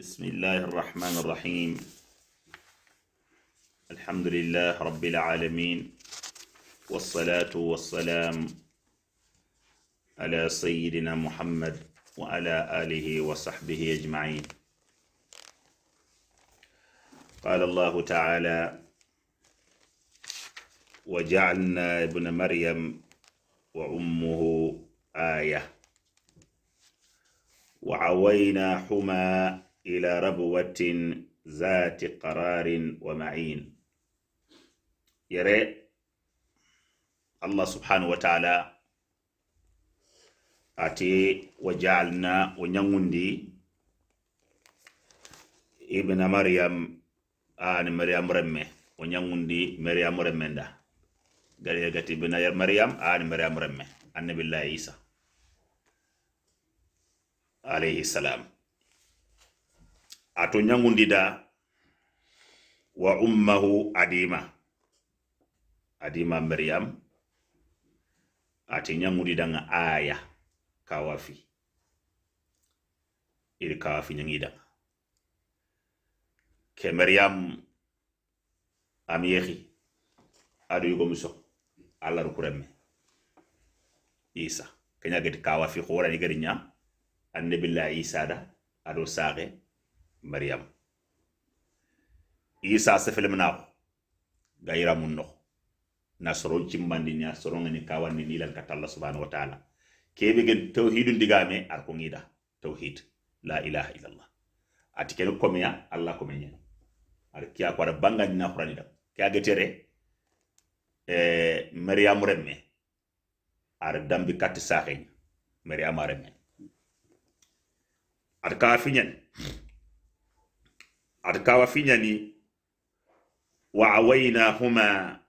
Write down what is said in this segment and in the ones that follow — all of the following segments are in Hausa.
بسم الله الرحمن الرحيم الحمد لله رب العالمين والصلاة والسلام على سيدنا محمد وعلى آله وصحبه أجمعين قال الله تعالى وجعلنا ابن مريم وأمه آية وعوينا حُمَى ila rabwatin zati qararin wa ma'in yere allah subhanahu wa taala ati wajaalna wo ibna maryam ani ah, maryam remme wo maryam remme nda gari gati ibna maryam ani ah, maryam remme annabillahi isa alayhi salam ato da wa ummahu adima adima maryam ate ñagundida nga aya kawafi iri kawafi nyangida ke maryam amiyehi adu yugo muso allah rukuremme isa kenya get kawafi hoorani gadi ñam annabillah isa da ado saqe maryam isa sefelemnaxo ga mun noxo na soron cimmandi ni a sorongani kawandi ni lan katalla subhanahu wa taala kebe gen tawhidu ndigame ar ko ngida tawhid la ilaha illallah ati ken komeya allah ko menyen ar kiya ko da banga ni na qur'ani da kiya getere e eh, maryam remme ar dambi kat saxe maryam remme ar ka finyen ata kawa fiñani wa huma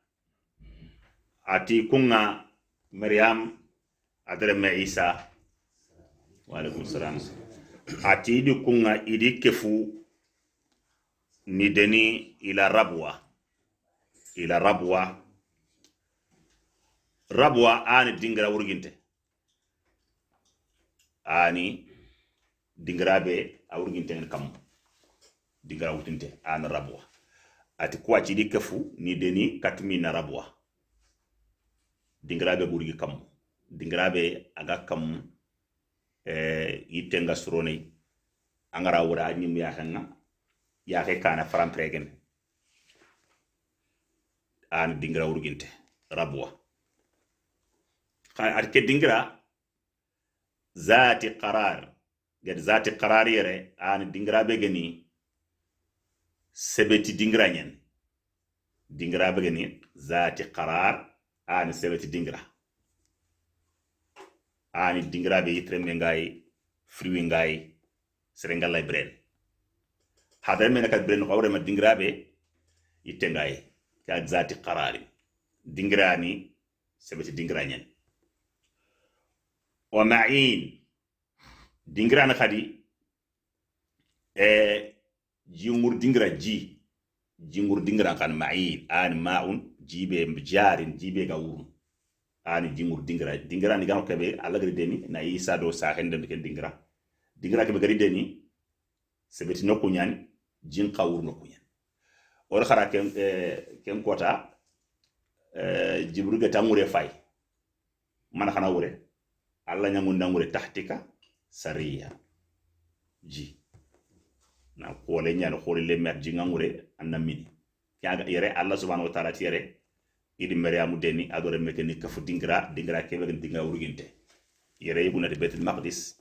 ati kunga maryam adarama isa waalaikum salam ati idi kunga idi kefu ni deni ila rabwa ila rabwa rabwa ani dingra wurginte ani dingira be a kam digara wutinte an rabwa ati kuwa cidi kefu ni deni katmi na rabwa dingirabe burigi kam dingirabe aga kam eh, yittenga surone angara wura anyim ya ke kana pregen an dingira wurginte rabwa ati ke dingira zati qarar gad zati qarar yere an dingira geni sebeti dingira ñen dingira begeni zati qarar ani sebeti dingira ani dingira be yitrembe ngayi friwi ngayi sere ngallay bren hadare men kat bren ko awrema dingira be itte ngayi ka zati qarari dingira ni sebeti dingira ñen wa ma'in dingira na kadi e eh, jingur dingira ji jingur dingira kan ma'in an ma'un jibe jarin jibe ga wurun an jingur dingira dingira ni gano kebe alagri deni na isa do sahen da ken dingira dingira kebe gari deni sebeti no kunyan jin kawur no kunyan or khara ken eh, ken kota eh, jibru ga tangure fay man khana wure alla nyangu ndangure tahtika sariya ji na kole nyal holile mer jingangure anna mini yaga yere allah subhanahu wa ta'ala tiere idi maryamu deni adore mekeni kafu dingra dingra kebe dinga urginte yere yibuna de betul maqdis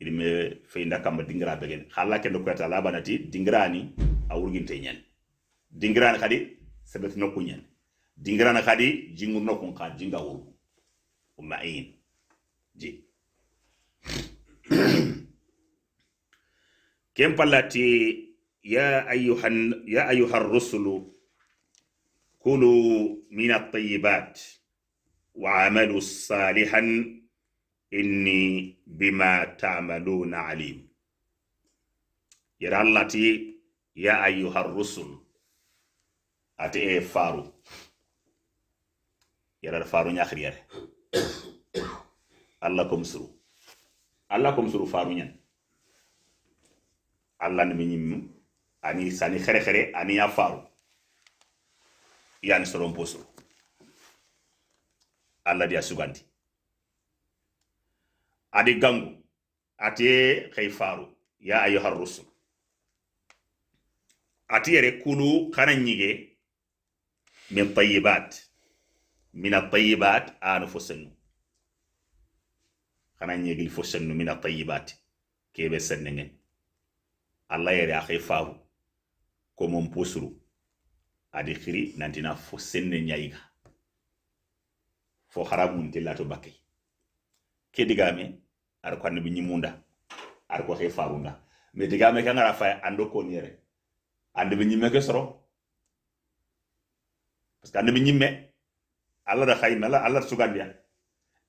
idi me feinda kamba dingra begen khalla kendo ko ta labana ti dingrani a urginte nyen dingrani khadi sebet nokku nyen dingrani khadi jingum nokku kha jinga wuru umma ji ken pallati ya ayuhan ya rusulu kulu min at-tayyibat wa amalu salihan inni bima ta'maluna alim yara allati ya ayyuhar rusul ate faru faru allah nimi ñimmi ani sani xere xere ani ya faru yani soron posoro allah diya sugandi adi gangu atiye xey faru ya ayuha rusul ati yere kulu xana ñige min tayibat min atayibat anu fo sennu xana ñegil fo sennu min atayibat kebe sennengen allah yere axe faahu komon posuru adi xiri nantina fo senne ñayiga fo haramun te lato bakke ke digame ar ko annabi ñimunda ar ko xe faabunda mais digame ke ngara fay ando koni yere annabi ñimme ke soro parce que binyi me Allah da xayna la alla sugandiya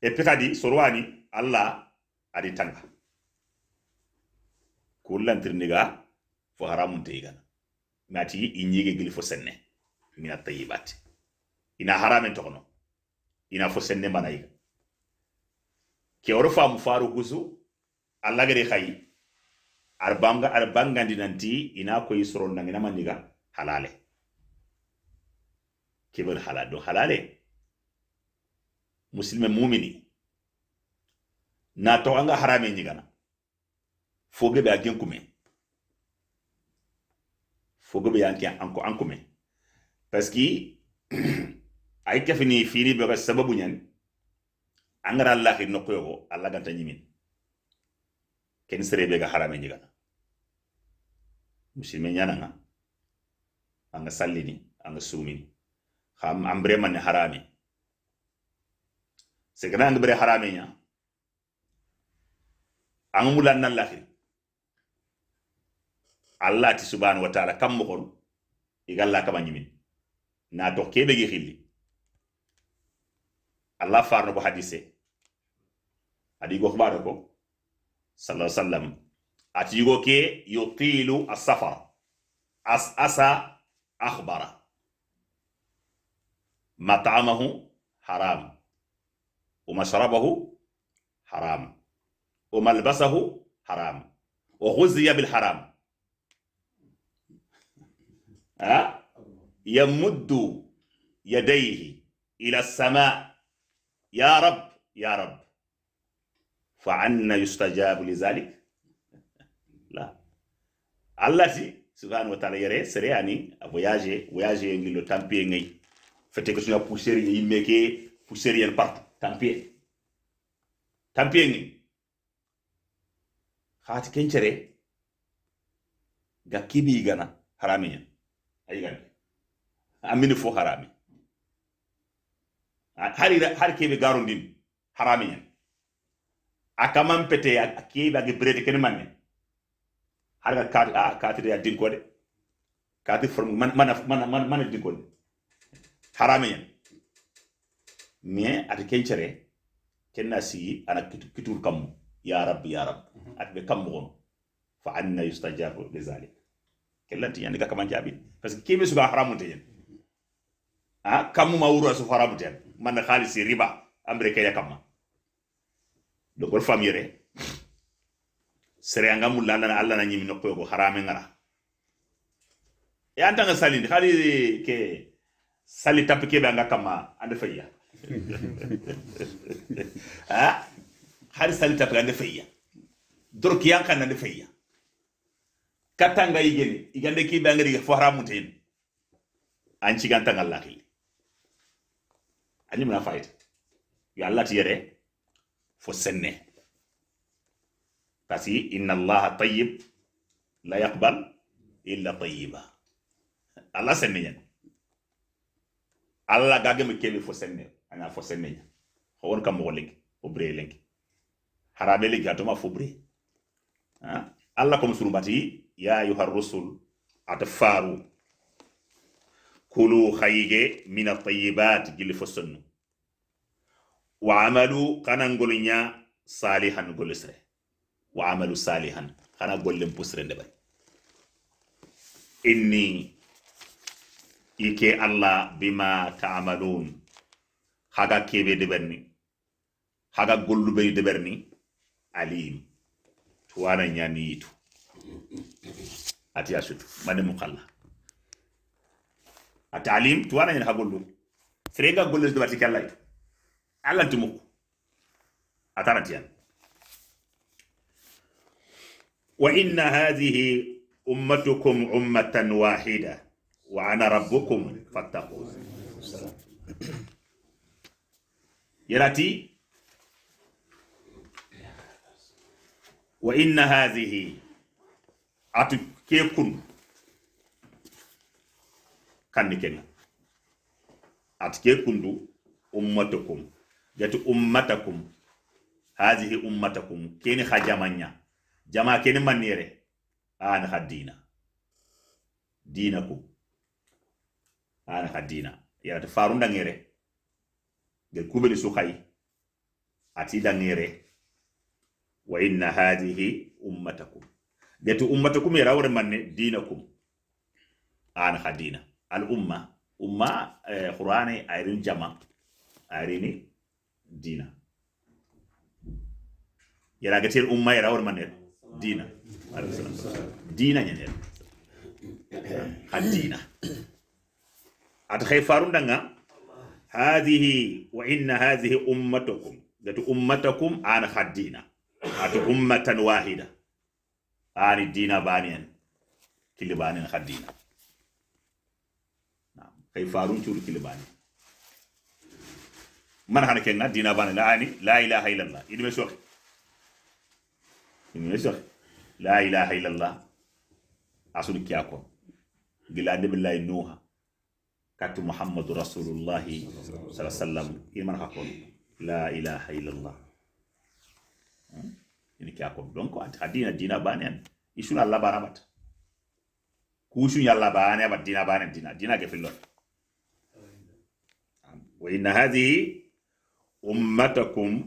et puis kadi sorowani alla adi tanga kullantirniga fo haramun te igana nati i ñige gili fo senne mina tayibati ina haramen togono ina fo senne mbana yiga ke woro faamu faaru gusu allagari xayi arbanga arbangandi nanti ina koyi soro nangina mandiga halale kebel halal do halale muslime mumini na toganga harame ñigana fogre be agen kume fogre be yanke anko ankume parce que ay kafini fini be ga sababu nyen angara allah no ko yo allah ganta nyimin ken sere be ga harame nyiga muslimi nyana nga anga sallini anga sumini kham ambre man harame Sekena anga bre harame nya angumulan lahir allah ti subhanahu wa taala kam mogon igalla kama ñimin na dox kebe gi xilli allah farno ko hadise adi go xbaro ko sallallahu sallam ati go ke yutilu as-safar as asa akhbara mat'amahu haram haram. ومشربه haram. وملبسه حرام وغذي haram. يمد يديه إلى السماء يا رب يا رب فعنا يستجاب لذلك لا الله subhanahu wa ta'ala yere sere ani a voyager voyager ngi lo tampie ngi fete ko suna pousser ngi meke pousser yen part tampie tampie ngi khati ga kibi gana haraminya ayi gande amini fo harami hari hari kebe garundin harami nyen akaman pete akebe age brede ken manne ka kati a ah, kati de din kode kati form man man man man din kode harami nyen mais ati kencere kenna sigi ana kitur kammu ya rabbi ya rabbi mhm. atbe kammu fa anna yustajabu li zalik kellanti yande ka kaman jaabi parce que kebe suga haramu te yen ah kamu ma wuru su haramu te man khalisi riba ambre kaya kamma do gol fam yere sere anga mulla alla alla na nyimi nokko ko harame ngara e anta nga salin khali ke sali tap kebe anga kama ande fayya ah khali sali tap ande fayya dorki yankan ande fayya katanga igeni igande ki bangari ga fara mutin an ci ganta Allah ki anyi muna fight ya Allah ti yere fo senne kasi inna Allah tayyib la yaqbal illa tayyiba Allah senne nyen Allah gage mi kebe fo senne ana fo senne nyen ko won kam mo legi o bre legi harabe legi atoma fo bre ha ah, Allah kom surumbati ya ayuha rusul ata faru kulu khayige min at-tayyibat gilli fo sonnu wa amalu kana ngolunya salihan golisre wa amalu salihan kana gollen pusre nde bari inni ike allah bima ta'malun haga kebe de berni haga be de berni alim tuwana nyani yitu ati asutu mane mukalla atalim tuwana yin hagollu frega golle do batti kallay alla tumuko atara wa inna hadhihi ummatukum ummatan wahida wa ana rabbukum fattaqun yarati wa inna hadhihi atu ke kun kanni kenna at ke du ummatakum jati ummatakum hazihi ummatakum keni ha jamanya jama keni manire an ha dina an ha ya ta faru dangere ge kubeli sukai ati dangere wa inna hadhihi ummatakum deti yara yarawre manne dina kum an ha dina al umma umma eh, ayrin jama ayrini dina yara yaragetel umma yara yarawre manne dina dina ñanel ha dina ata hay farundanga hadhihi wa inna hadhihi ummatukum dati ummatakum an ha dina ata ummatan wahida ani dina banien kili banen khadina nam kay farun churu kili banen man hana ken na dina banen la ani la ilaha illallah idime sokh idime sokh la ilaha illallah asul kiyako gilande billahi nuha katu muhammadu rasulullahi sallallahu alaihi wasallam ilman hakon la ilaha illallah hmm? ini ke akom donc anta dina dina banen isuna la barabat ku shun ya la bane ba dina banen dina dina ke fillo wa inna hadhi ummatakum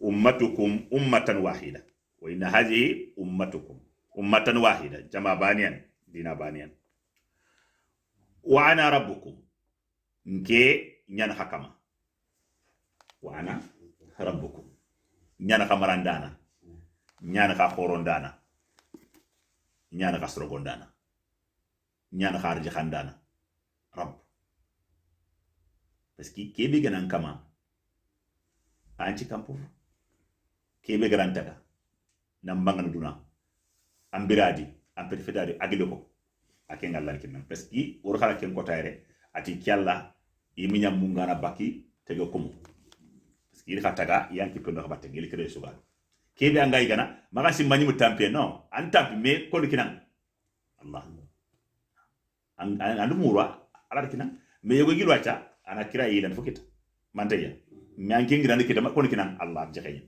ummatukum ummatan wahida wa inna hadhi ummatukum ummatan wahida jama banen dina banen wa ana rabbukum nke nyan hakama wa ana rabbukum ñana ka marandana ñana ka horondana ñana ka srogondana ñana ka arjikhandana rab parce que kebe ganan kama anci kampur kebe garan taga nan bangan duna an biradi an perfetadi agile ko ake ngallan kinan parce que wor kala ken kotayre ati kyalla iminya mungana baki tege kumu ir ka taga yanki pendo ka batte ngel kede sugal kebe angai gana maka simbani mutampe no antampi me kolu kinang allah andu murwa ala kinang me yogo gilwa cha ana kira ila fukita manteya me anki ngira ndikita kolu kinang allah jekanya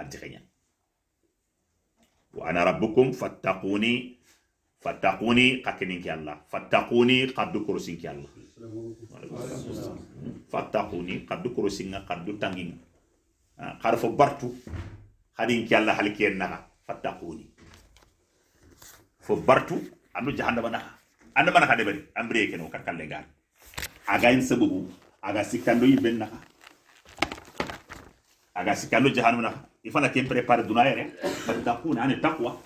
arjekanya wa ana rabbukum fattaquni fattakuni ka kenin ke Allah fattakuni ka du ke fattakuni ka du korosin ka tangin kar bartu hadin ke halke fattakuni fo bartu andu jahannama na anda mana kade bari ambre ke no kakalle gar aga in aga sikando yiben na aga sikando jahannama na ifana ke prepare ane takwa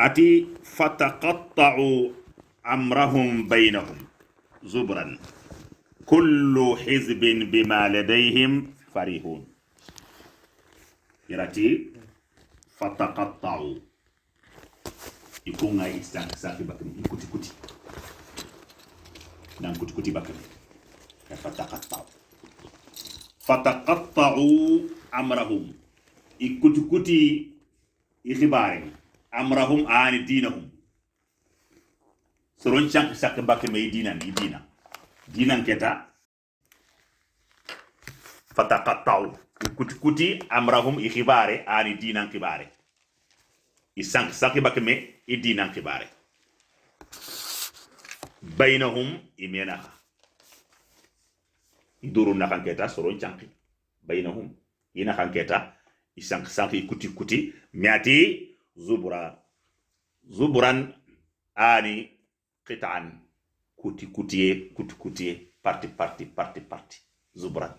ati fataqatta'u amrahum bainahum zubran kullu hizbin bima ladayhim farihun irati fataqatta'u ikunga isak sak bakam ikuti kuti dan kuti kuti bakam fataqatta'u fataqatta'u amrahum ikuti kuti ikhibari amrahum ani dinahum soron can sakka bakke me dina ni dina dinan keta fataqattau kuti kuti amrahum ikhibare ani dinan kibare isank sakki bakke me idinan kibare bainahum imenaka iduru na kanketa soron canki bainahum ina keta isank sanki kuti kuti miati zubura zuburan ani qitan kuti kutiye kuti kutiye parti parti parti parti zuburan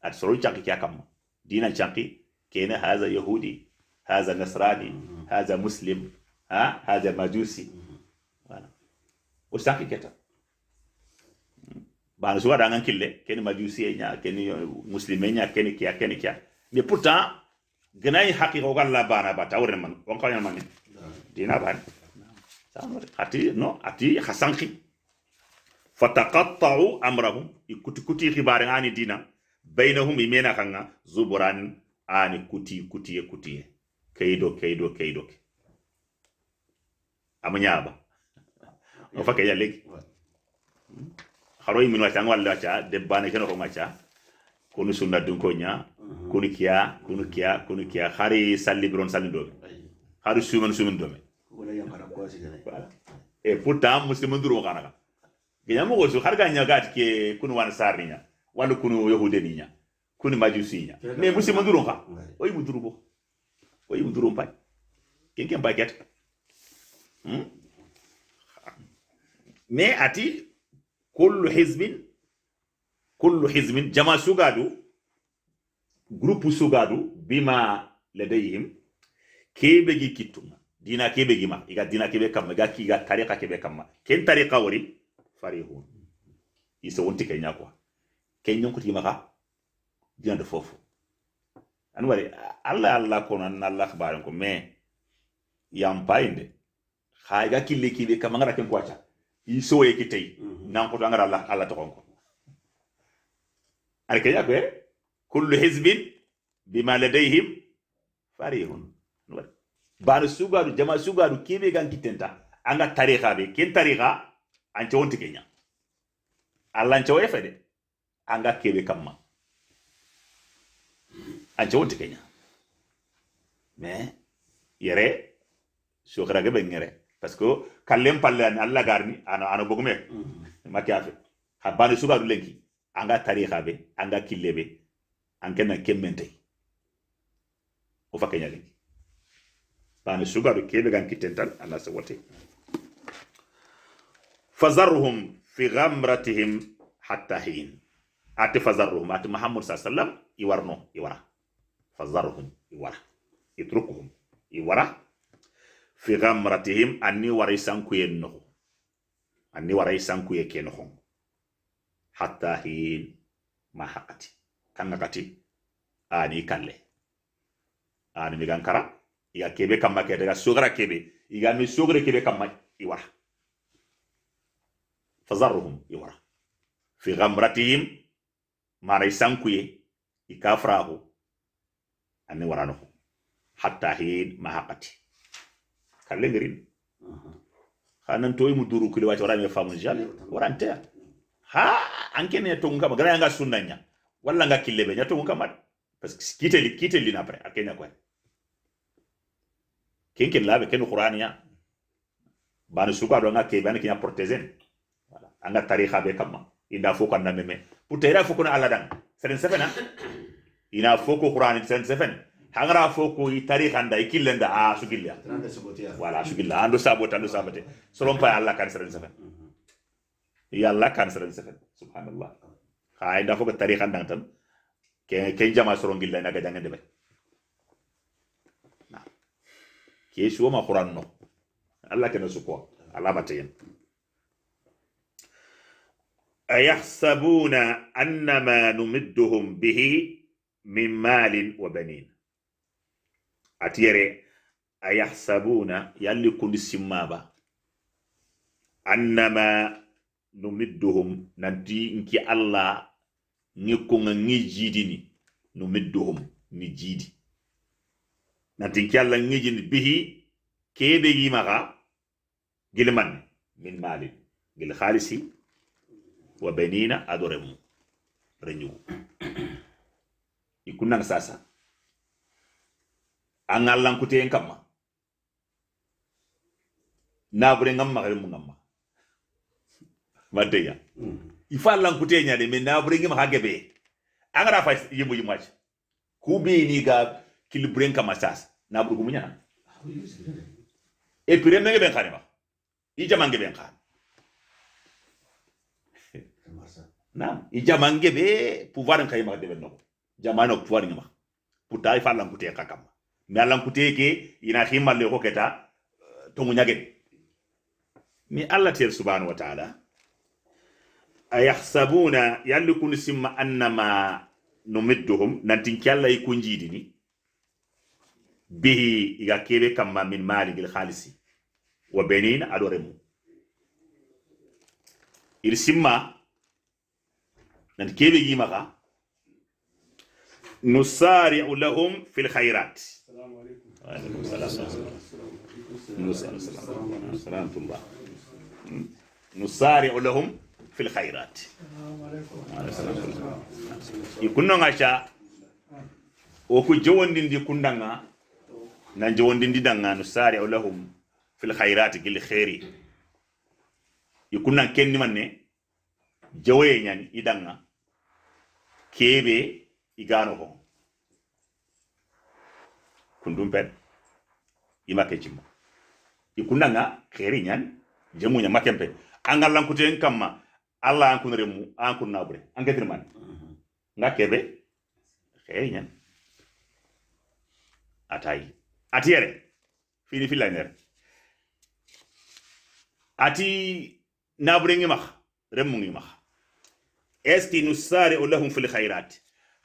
at soro chaki kya kam dina chaki kene haza yahudi haza nasrani mhm. haza muslim ha haza majusi mhm. wala usaki keta hmm. ba suwa dangan kille kene majusi nya kene muslime nya kene kya kene kya mais pourtant gnai ganai haqiqa la bana ba tawre man on kawnya man dina ban ati no ati hasanki fataqatta'u amrahum ikuti kuti khibare ani dina bainahum imena kanga zuburan ani kuti kuti kuti keido keido keido amanyaba ofake ya leki hmm? haro iminu acha ngwalla acha debane keno ko ngacha kunu sunna dun ko nya Uh-huh. kunu kiya kunu kiya kunu kiya hari salli biron salli dome hari sumen sumen dome e eh, pourtant muslimin duro kana ka ganya mo gosu har ganya gat ke kunu wan sarninya walu kunu yahudeninya kunu majusinya me muslimin duro ka oyi muduru bo oyi muduru mpai ken ken paket hmm? me ati kullu hizbin kullu hizbin jama sugadu groupe sugadu bima ledayhim kebe gi kituma dina kebe gi ma iga dina kebe kam iga ki iga tariqa kebe kam ma ken tariqa wori farihun isa wonti ken kenya kwa nyon kuti maka dina de fofu an wari allah allah ko nan allah khabaran ko me yam painde ha iga ki be kam ngara ken kwacha iso ye kitay mhm. nan ko ngara allah allah to ko ar kenya ko kullu hizbin bima ladayhim farihun bano sugaru jama sugaru kebe gan kitenta anga tariha be ken tariha anche wonti kenya allah anche wefe de anga kebe kamma anche wonti kenya me yere sokra gebe ngere parce que kallem palle an allah garni ano ano bogume makiafe habani sugaru lenki anga tariha be anga kille angena kemmentey o fa keñali bani sugaru kebe gan kitental tan alla wote fazarhum fi ghamratihim hatta hin ati fazarhum ati muhammad sallallahu alaihi wasallam iwarno iwara fazarhum iwara wara iwara fi ghamratihim anni warisan ku yenno anni warisan ku yekeno hatta hin mahakati kanga kati ani kalle ani migan kara iga kebe kamma ke daga sogara kebe iga mi sogare kebe kamma iwara fazarruhum iwara fi ghamratihim maray sankuye ikafrahu ani warano hatta hin mahaqati kalle ngirin hanan toy mu duru kule wati warame famu jale warante ha anke ne tonga magara yanga sunnanya wala nga kille ɓe ñattogu kam aɗa par ce kite li kitelin après a keña koy kenken laɓe ken quraniya bani suka do nga keɓe ana kiña protéger ne voilà anga tariha be kama inda foko na meme pour teyra fo kono allah seren sefena ina foko ko qurani seren sefen ah. hangara foko ko i tariha nda i killenda a ah, sugilla ah. wala sugilla ando sabote ando sabate solon pay allah kan seren sefen i allah kan seren sefen subhanallah ay nda foga tariqa ndan tan ke ke jama soro ngilla na gadanga de be na ke shuwa ma qur'an no allah kana su ko alama tayin ayahsabuna annama numidduhum bihi min malin wa banin atiyere ayahsabuna yalli kundi simmaba annama numidduhum nanti nki allah ŋi koŋa ŋi jidi ni no mi dohum ni jiidi ki Allah alla ŋijini bihi kebe gil man min malin gil khalisi wa benina adoremu renyugu ikunang sasa an allan kama na nabure ngamma kare mu ngamma madeya mm -hmm. ifa lankute nyade mais na bringim hagebe angara fa yimu yimach kubi ni ga kil bring kama sas na burgu et puis pire menge ben khane ma i jamange ben khane na i jamange be pouvoir en kayma de jama no jamano pouvoir ngama puta ifa lankute kakam mais me lankute ke ina khima le ko keta to munya ge mi Allah tiyar subhanahu wa ta'ala ayahsabuna yalli kun simma annama numidduhum nantin kyalla i kunjidini bihi iga kebe kamma min maligil khalisi wa benin adoremu ir simma nanti kebe gimaka nusari'u lahum fil khairat nusari'u lahum fil khairat ikunno kunnonga ca wo ku ndi kundanga nan ndi danga no sari lahum fil khairat gil khairi ikunna kunnan kenni manne jawoye nyani idanga kebe i ho kundum pet imake ke ikunna nga khairi nyani jemu nya makempe angalankuten kamma alla an kun remu an kun na bure an ga dirman mhm. nga kebe khairi atay atai atiere fini filaner ati na bure ngi max remu ngi max esti nusari lahum fil khairat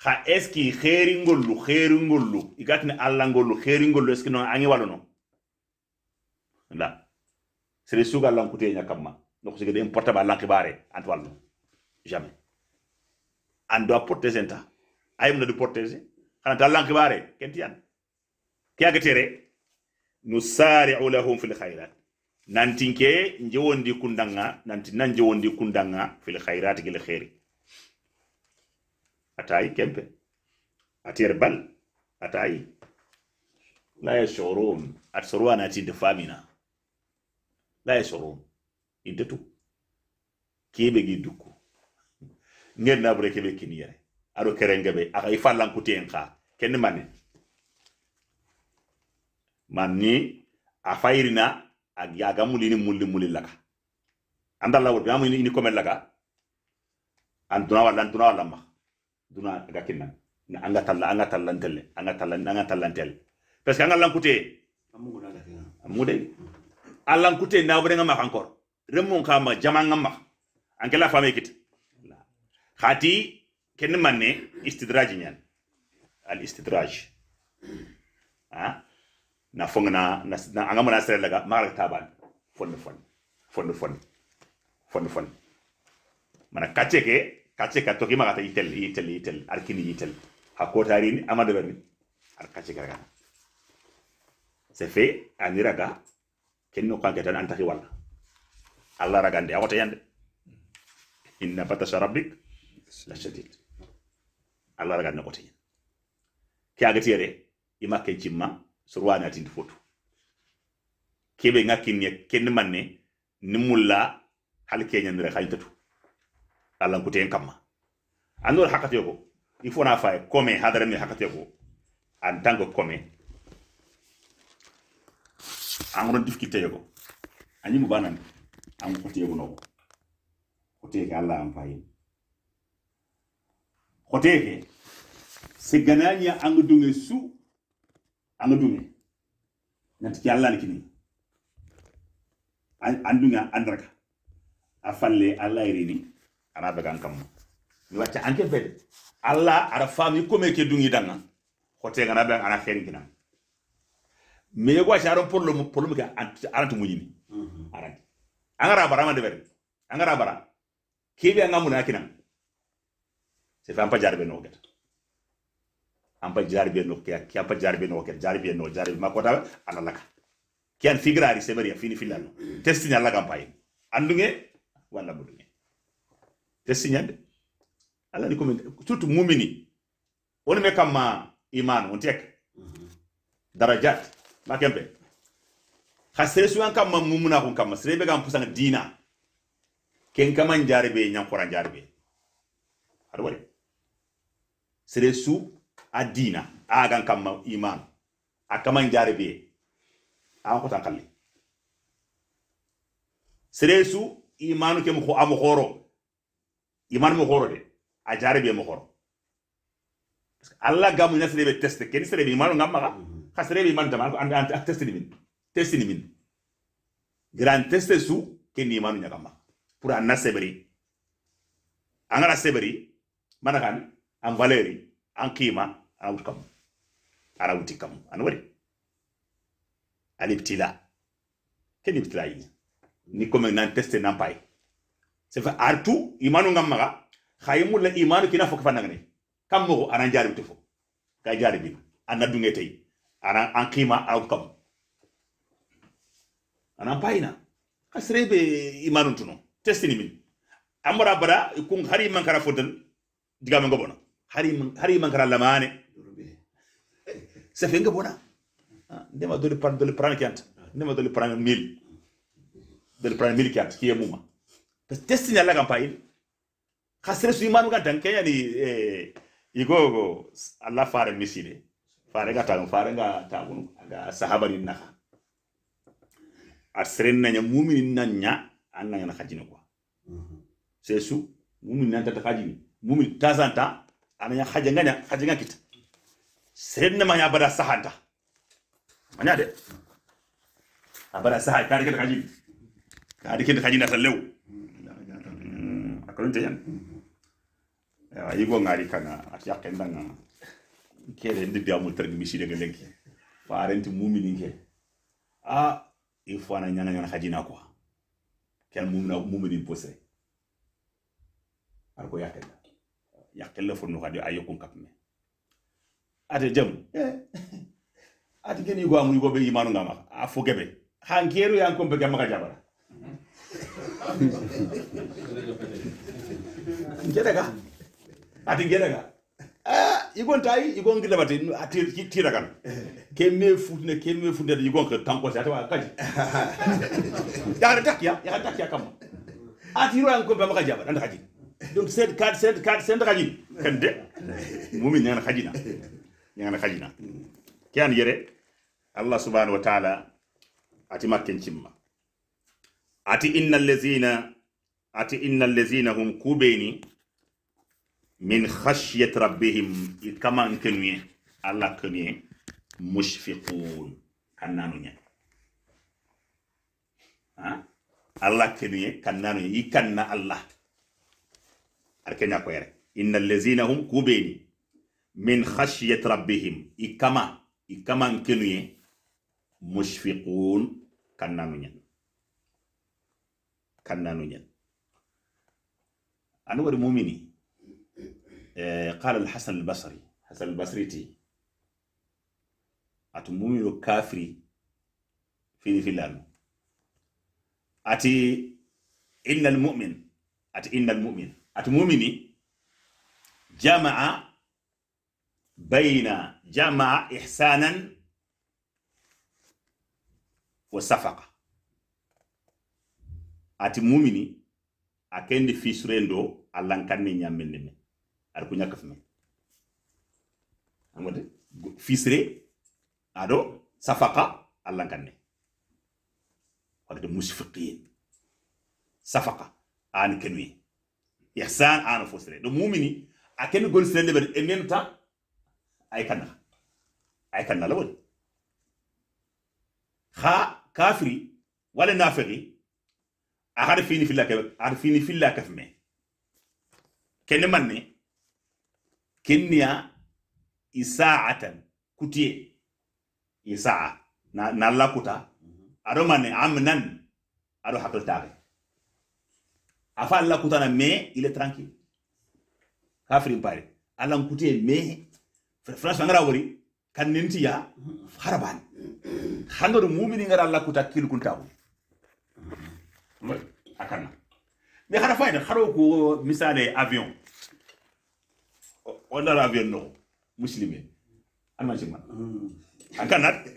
ha eski khairi ngollu khairi ngollu igatni alla ngollu khairi ngollu eski no angi walono la sere suga lankute nya kamma noko sigede en portable lanki bare anto wallo jamais an doit protéger ta ayum na du protéger xana ta lanki bare ken tiyan ke aga nous nusari'u lahum fil khairat nantinke njewondi kundanga nanti nan njewondi kundanga fil khairat gil khairi atayi kempe atir bal atayi la yashurun atsurwana tinde famina la yashurun intetu kebe gi dukku ngeen na bure kebe kini yere ado kerenge be aga ifa lankuten ka kenni mane manni a fayirina a yaga mulini mulli mulli laka anda la wodi ni ni komen laka an duna wala duna wala ma duna ga kinna anga talla anga tallantelle anga tallan anga tallantelle parce que anga lankute amu gona laka amu de alankute na bure nga ma encore remon kama jaman ngamma anke la fami kit khati ken manne istidraj nyan al istidraj ha na fongna na na angama na sere laga mara taban fon fon fon fon fon fon mana kache ke kache ka toki maka ta itel itel itel arkini itel ko tarini amada berni ar kace ga se fe aniraga kenno kankatan antahi wala allah ragande awata yande inna batasha rabbik la shadid allah ragande ko wota yande agati agatere ima ken jimma surwana atindi fotu kebe ne ken manne nimulla hal keñandire haltatu allah ko kuteen kamma andol hakati ko il faut na faye comme hadara mi hakati ko en tant que comme an ron difficulté ko anyi mu banande an kuteguno kuteke allah an fayin ke se ganania an dunge su an dunge na tiki allah ne kini an dunga an daraka a falle allah ni ana daga an began ni wacce an ke fede allah ara fami kome ke dungi danga ga na ben ana khenkina me ko asaron problème problème ke aratu muñini angara barama de beri angara bara kibe anga muna kina se fa ampa jarbe no get ampa jarbe no ke ke ampa jarbe no get jarbe no jarbe makota analaka kian figrari se beri fini filalo testinya laka pai andunge wala budunge testinya de ala ni komen tutu mumini woni me kama iman on tek mhm. darajat makembe ka sere suwan kam mam mumuna kun kam sere be kam pusang dina ken kaman jarbe nyang koran jarbe adwari sere su adina agan kam iman akaman jarbe an ko tan kalli sere su imanu ke mu amu khoro iman mu khoro de a jarbe mu khoro Allah gamu nasrebe test ken sere be imanu ngamma mm-hmm. ka sere be iman tamal ko an test ni testini min gran teste su ke nimanu ñagama pour a na seberi a ngana seberi mana kan an valeri an kima ana wuti kam ana wuti kam ana wari alibtila ke libtila yi ni comme nan teste nan pay c'est fait artu imanu ngamma khayimu la imanu kina fo kafa ngani kam mo anan jari wuti fo ka jari bi ana dungete ana an kima ana wuti kam ana payina asrebe imanuntuno testini min amara bara kun hari mankara fodan diga men gobona hari hari mankara lamane safen gobona ah, ndema doli pan doli pran kant ndema doli pran mil doli pran mil kant kiye muma pes testini alla kampayin khasre su imanu ga danke yani eh igogo alla fare misile fare ga tan fare ga tagun ga sahabari naha a serennaña mumini nanña an na nangana hajine quoi c'est mhm. su mumini nantata hajini mumini temps en temps anaña hajangaña hajanga kita serennamaña bada sahanta aña de a bada saha kaade keta hajini kaade keta hajini ata lew mhm. a yan a yigo ngaari a ati yakke ndanga kede ndi diamul targi miside ga lenki fa arenti mumini ke a ah, faut fana ñana ñana hajina quoi kel mumna mumini posre ar ko yakella yakella fo no hadi ayo kun kap me ate jam eh. ate geni go amuni go be imanu ngama a fo gebe hankeru yan kombe gamma ka jabara ngedega ate ngedega Eh, igon tayi igon gila bate atir tira kan kemme futne kemme funde de igon ka tanko sa tawa kaji ya ta kiya ya ta kiya kam atiro an ko bama kaji ba kaji donc sed kad sed kad sed kaji kan de mumi nyana kaji na nyana kaji na kiyan yere allah subhanahu wa ta'ala ati makken cimma ati innal ladzina ati innal ladzina hum kubeni من خشية ربهم كما كنوية الله كنوية مشفقون كنانوية ها الله كنوية كنانوية يكنا الله أركنا كوير إن الذين هم كوبين من خشية ربهم إكما إكما كنوية مشفقون كنانوية كنانوية أنا ور مؤمني آه، قال الحسن البصري حسن البصري تي أتمومي كافري في في فيلان أتي إن المؤمن أتي إن المؤمن أتي جمع بين جمع إحسانا وصفقة أتي مؤمني أكند في سرندو ألان كان نيامن ar ko ñak fami amade fisre ado safaqa allah kanne wadde musfiqin safaqa an kenwi ihsan an fosre do mumini akene gol sene be en même temps ay kanna ay kanna la woni kha kafiri wala nafiqi aharfini fillah kafme aharfini fillah kafme kene manne kinniya isaatan kutiye isaa na nalla kuta aɗo mane amnan aɗo hakkiltake afa alla kutana mais il est tranquille kafirin pare alan kutiye mais france angara wori kan nintiya harabani handoɗo mumini ngara alla kuta kilkuntaku akanna me hara fayda haro ko misale avion on no muslime non cegma an kan naɗe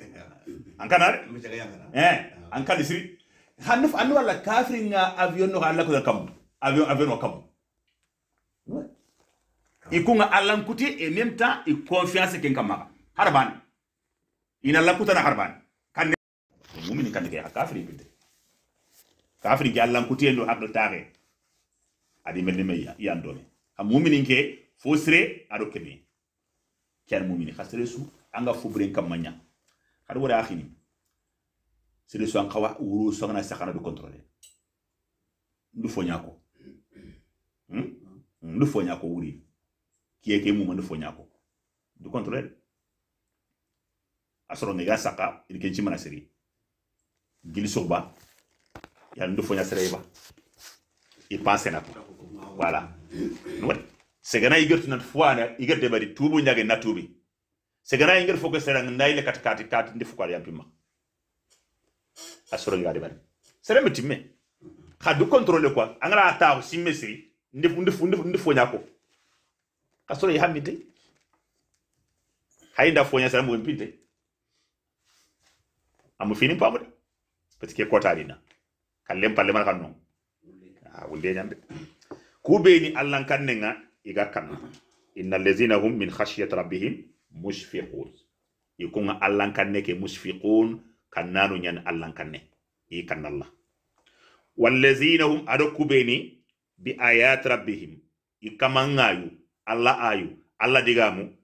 hmm. an kan eh, naɗe e an kan siri hanno anno walla kafiri nga avion no alla kodal kam avion avion o kam i kunga allankuti et meme temps i confiance ken kam maga harbani ina lankutana harbani kanne mumini kandi ke kafiri bidde kafiri ke allankuti en do hakle tare adi melne me yandone a mumini ke fo sere aɗo kebe kean mumini xa su anga fubrin kamma ña xaɗa wara akhini sere su an xawa wuro sogana sakana du contrôler ndu foñako hmm? hmm, ndu foñako wuri kiye ke muma ndu foñako du contrôler asoro soro nega saqa ir ken cimana seri gili soba ya ndu foña sereyba i pensena ko voilà nuwat segana igir tinan fuana igir de bari tubu nyage na tubi segana igir foko serang naile kat kat kat ndi fukari yampima asoro ngade bari sere mitimme khadu kontrole quoi angara ata simme siri ndi ndi ndi ndi fonya ko kasoro yahamide hainda fonya sere mu mpite amufini pamode parce que kota alina kallem palle man kanno ah wulde nyambe kubeni allan kannenga iga kanna innal lezina hum min khashyati rabbihim mushfiqun ikunga allan kanne ke mushfiqun kannanu nyan allan kanne i kannalla wallazina hum ado bi ayat rabbihim i alla ayu alla digamu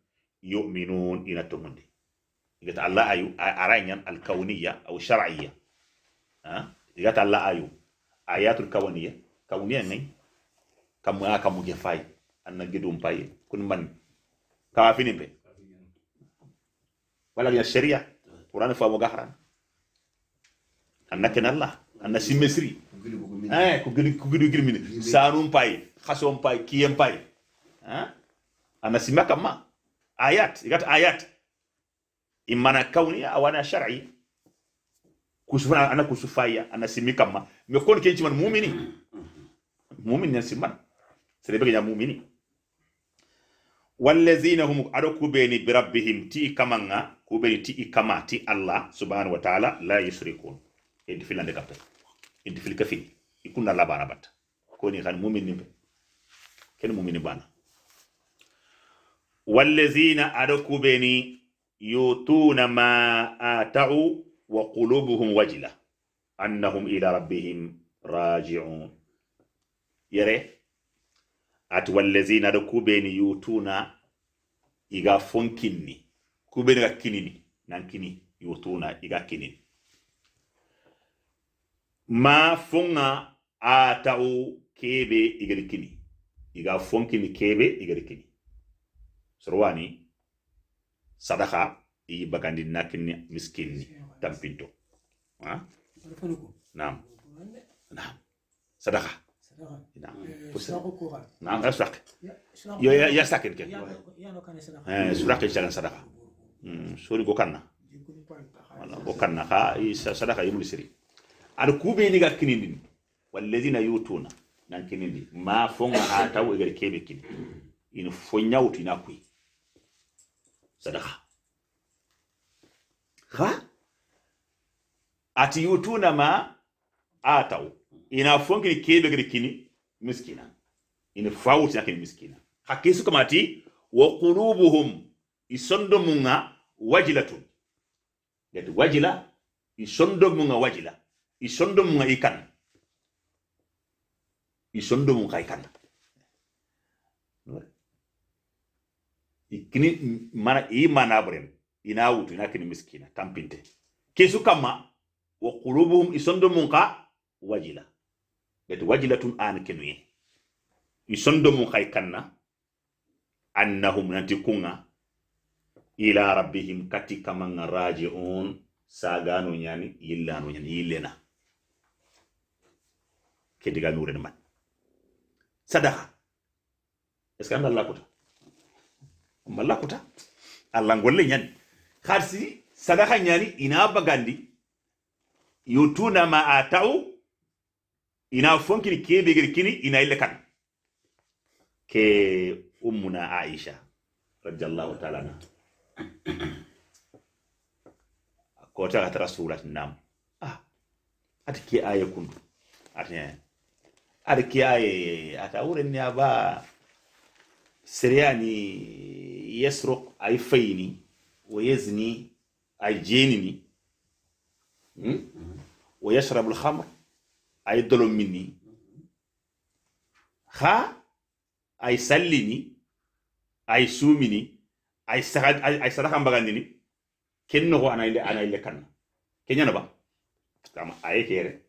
yu'minun ina tumundi igata alla ayu al kawniya aw shar'iyya ha igata alla ayu ayatul kawniya kawniya ngai kamu akamu gefai anna gidum paye kun man kafini be wala ya sharia qur'an fa mo gahran anna kenalla anna simesri eh ko gidi ko gidi girmini sanum paye khasom paye kiyem paye ha ah? anna simaka ma ayat igat ayat imana kauniya awana shar'i kusufa ana kusufaya ana simika ma me kon ke man mu'mini mu'mini simman sere be ga mu'mini wallazina hum aɗo kuɓeni bi rabbihim ti kamanga kubeni ti ikama ti allah subhanahu wa taala la yushrikun edi filande kappe edi fil kafi fini la bana bat ko ni xan mumin ni ken mumini bana wallazina aɗo kuɓeni yutuna ma atau wa qulubuhum wajila annahum ila rabbihim rajiun yare ati wallazina do kubeni yutuna iga funkinni kubeni ga kinini nankini yutuna iga kinini ma funga atau kebe igari kini iga fonkini kebe igari kini sorowani sadaka i bagandi nakini miskinni tampinto ha? naam naam sadaka نعم يسرق نعم يسرق يسرق كن سرق يشتغل صدقه سوري كوكانا ولا كوكانا خا صدقه يملي سري الكوبي نيغا كنين والذين يؤتون nan kinindi ma fonga ha taw egar kebe kini ina fo nyawtu ina kuy sadaka ha ati yutuna ma ataw ina fonkini kebegede kini miskina ina fawutina kini miskina hakkisu kamati wa kulubuhum isondo munga wajilatu yati wajila isondo munga wajila isondo munga ikan isondo munga ikan ikini mana i mana brem ina wutu ina kini miskina tampinte kesu kama wa kulubuhum isondo munga wajila gati wajilatun an kenuye i sondo mun hay kanna annahum nanti kunga ila rabbihim kati kamanga raji'un sagano nyani yillano nyani yillena ke diga mi man sadaka est ce que anda lakuta amma lakuta allah golle nyani kharsi sadaka nyani ina bagandi yutuna ma atau ina fonkini kebegir kini ina ille kan ke ummuna aisha radiallahu taala anha kota atara surat nam ah ati ke aya kundu ati eh. ati ke aya ata wurin ne ba siriyani yasruq ay fayni wa yazni ay jinini hmm? wa yashrabu al-khamr ay ni ha ay sallini ay ni ay sahad ay sadaka mbagandini ken ko ana ile ana ile kan kenya no ba kama ay kere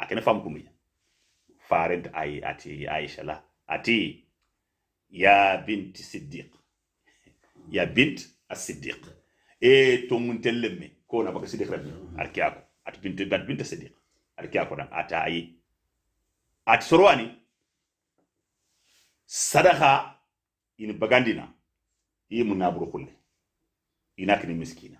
akene fam kumia farid ay ati aisha la ati ya binti siddiq ya bint as-siddiq e tongun tellemme ko na baka siddiq rabbi arkiyako ati bint dat bint siddiq alkiya kodan ata ayi ati sorowani sadaka ini bagandina i muna kulle ina kini miskina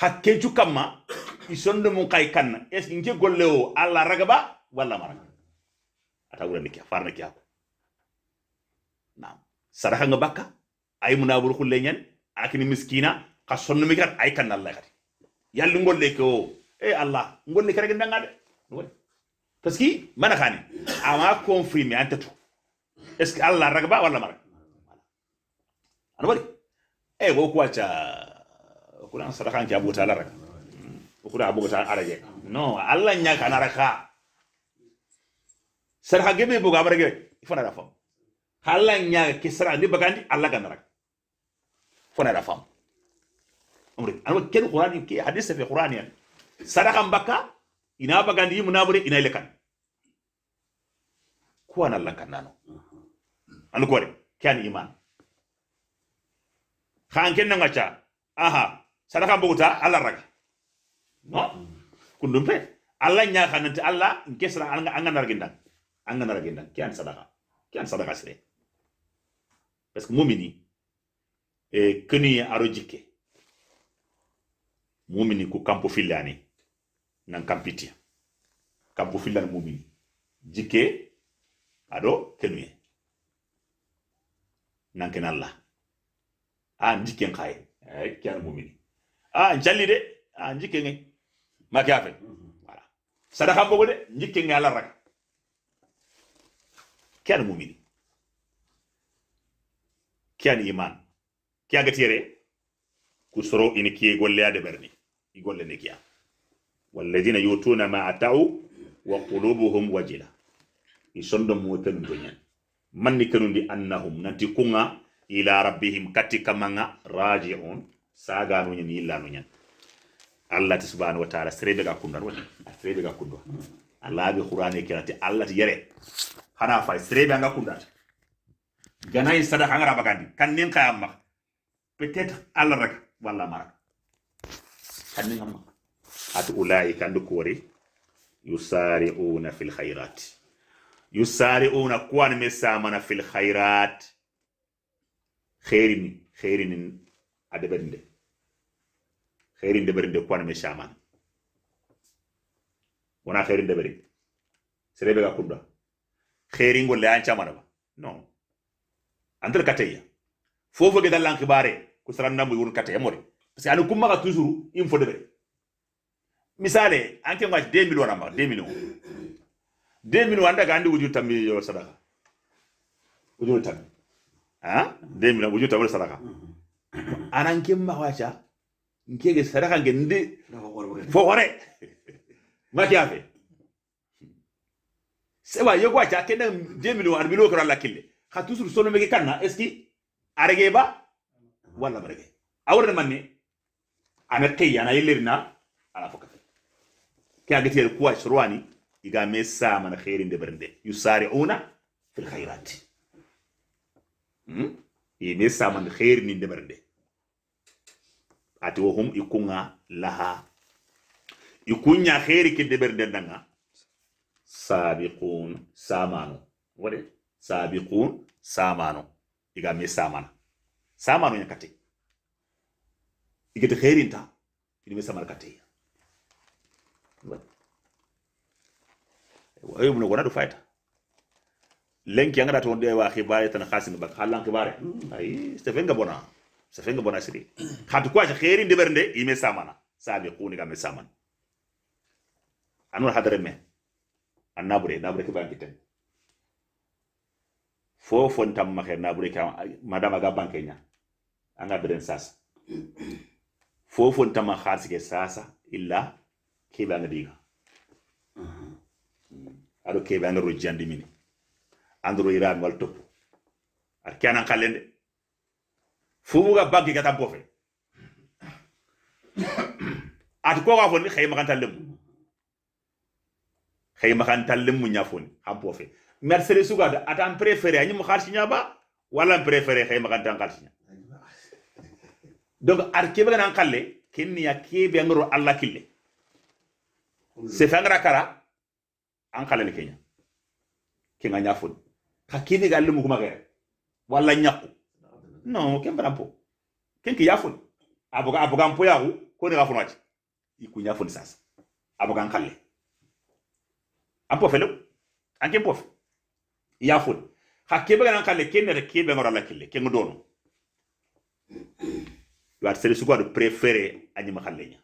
hakkeju kamma isondo mun kay kanna es nge golle o alla ragaba walla maraga ata wurani kiya farna kia ko nam sadaka nga bakka muna munaburo kulle a kini miskina ka sonno mi kat ay kanna allah kati yallu leke o e eh allah golle kare ngandade parce que mana khani ama confirmer anta tu est ce que allah ragba wala mara mm. ana wari e go ko acha kuran sadakan ki abuta la raga kuran abuta araje no allah nya kana raka sarha gebe bo gabare gebe ifana da fam allah nya ki sara ni bagandi allah kana raka fana da fam amri ana ken qur'ani ki hadith fi qur'ani sadakan bakka ina bagandi munabure ina ile kan kuwa na kan nano mm-hmm. an kore kyan iman ken nan acha aha sadaka buguta Allah raga no mm-hmm. kundum pe Allah nya khananti Allah nke sara an an narginda nar narginda kyan sadaka kyan sadaka sire parce que mumini e eh, kuni aro mumini ku kampo filani nan kampitiya kampo fillani mumini jike ado kenuye nan ken allah a jike jikken eh kiyani mumini a n de a jike nge ŋe make a fen voilà sadaka bogo de jike nge ala rak kiyani mumini kiyani iman kiyagatiyere ku soro ini kiye golle a berni i golle ne kiya walladina yutuna ma atau wa qulubuhum wajila isondo muwekenu donyan manni kenundi annahum nanti kunga ila rabbihim kati kamanga raji'un ni nyen illanu nyen allah ti subhanahu wa ta'ala serebe ga kundar wani serebe ga kundar allah bi qur'ani kirati allah ti yere hana fay serebe ga kundar ganayi sadaka ngara bagandi kan nin kayamma peut-être allah rak walla marak kan nin amma ati ulaika ndu kori yusari'una fil khairat yusari'una kuwan me samana fil khairat khairini khairini adeberinde khairin deberinde kuwan me samana wona khairin deberinde serebe ga kunda khairin golle an chamana ba non andal kateya fofo ge dalan khibare kusaran nambu yun kateya mori parce que anu kumma ga toujours info debere misale anke ngwaji 2 million amba 2 million 2 million anda gandi wujur tambi yo sadaka wujur tambi ha 2 million wujur tambi sadaka ananke ma wacha nkege sadaka ngendi fo hore makiafe sewa yogo acha kenda 2 million ar million kala kille khatusur solo mege kanna eski arege ba wala barege awre manne ana tayana yelirna ala foka ke agati yel kuwa shirwani iga me sa mana khairin de yusari una fil khairat hmm e me sa mana khairin de bernde ati wo hum ikunga laha ikunya khairi ke de bernde danga sabiqun samanu wore sabiqun samanu iga me samana samanu nyakate igete khairin ta ini me samana kateya ayub no gonado fayta lenki angata ton de wa khibare tan khasim bak halan khibare hmm, ay stefenga bona stefenga bona sidi khatu kwa je khairin de bernde ime samana sabi kuni ga mesaman anur hadare me annabure nabure khiban kiten fo fon tam ma khair nabure ka madama ga banke nya anga beren sasa fo fon tam ma khasike sasa illa keɓe diga uh-huh. aɗo keɓe andoro jandi mini andoro irami wal toppu aɗa ke anan kallen de fuɓuga bagge gata bofe ati koga foni xey maxantal lemu xey maxantal lemu ña foni xa bofe mercedes uga da atan préféré añimu xarsiña ba wala préféré xey maxantan xarsiña donc aɗa keɓe ganan kalle kenniya keɓe angoro allah kille se fengra kara an kalani kenya kenga nyafo ka kini ga limu kuma gaya wala nyako no ken brampo ken ki yafo aboga aboga mpo yahu ko ne gafo nati iku nyafo sasa aboga an kalle ampo felo an ken pof yafo ka kebe ga an kalle ken ne kebe ngora la kille ken dono war sere suko do préféré anyi ma kallenya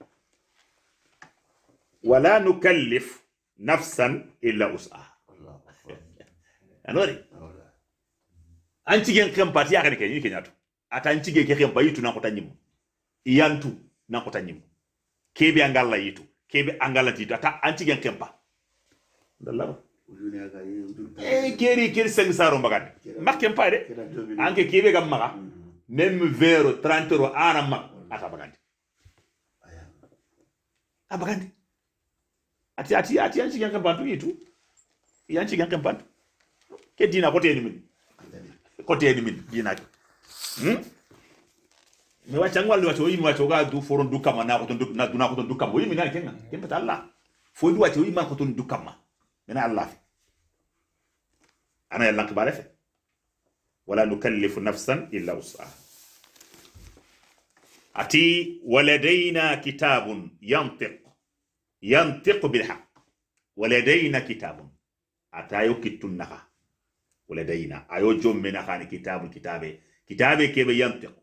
wala nukallif nafsan illa us'aha anori an cigen kem pati yakani ke yini kenyato ata an cige ke kem bayitu nan kota nyimu iyantu nan kota nyimu kebe angala yitu kebe angala titu ata an cigen kem e keri keri seng saro mbagade makem pa de anke kebe gam maga même vero 30 euro ana mag ata bagande abagande ati ati ati anchi kyanka bantu yitu yanchi kyanka bantu ke dina kote ni min kote ni min dina ke hmm me wa changwa lo wacho yimi wacho ga du foron du kama na koto na du na koto du kama yimi na kenga kempa Allah fo du wacho yimi ma koto du kama mena Allah ana yalla kibare fe wala nukallifu nafsan illa wus'aha ati waladaina kitabun yantiq yantiqu bil haqq waladayna kitabun atayo kittun naka waladayna ayo jomme naka ni kitabun kitabe kitabe kebe yantiqu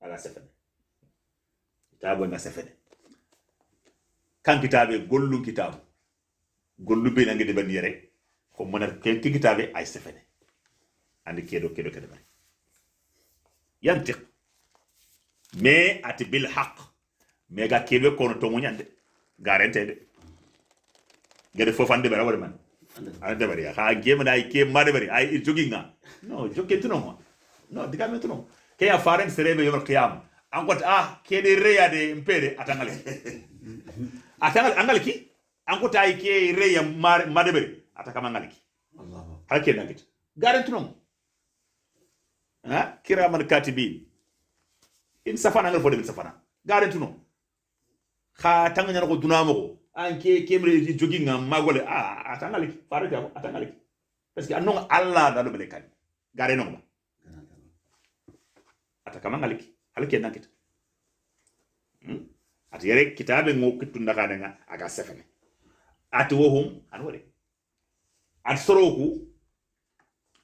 ala safana kitabu na safana kan kitabe gollun kitabu gollu be nange de bani yere ko mona ken ki kitabe ay safana andi kedo kedo kedo bari yantiqu me ati bil kebe kono to garante gede de bara wala man ande bari ha game na ke mare bari ai joginga no jokke tuno ma no diga me tuno ke ya faren serebe yom qiyam an kot ah ke de reya de mpere atangale atangale angale ki an kot ai ke reya mare bari atakama ngale ki allah hakke nangit garante tuno ha kiraman katibin in safana ngal fo safana garante tuno ka tanga nyana ko ko an ke kemre jogi nga magole a ah, atanga ah, ah, leki faro a atanga leki parce que anong allah da do bele kan gare nongba atakama ngaleki halke nakita hmm? ati yere kitabe ngo ndaka nga aga sefene ati wohum at soro soroku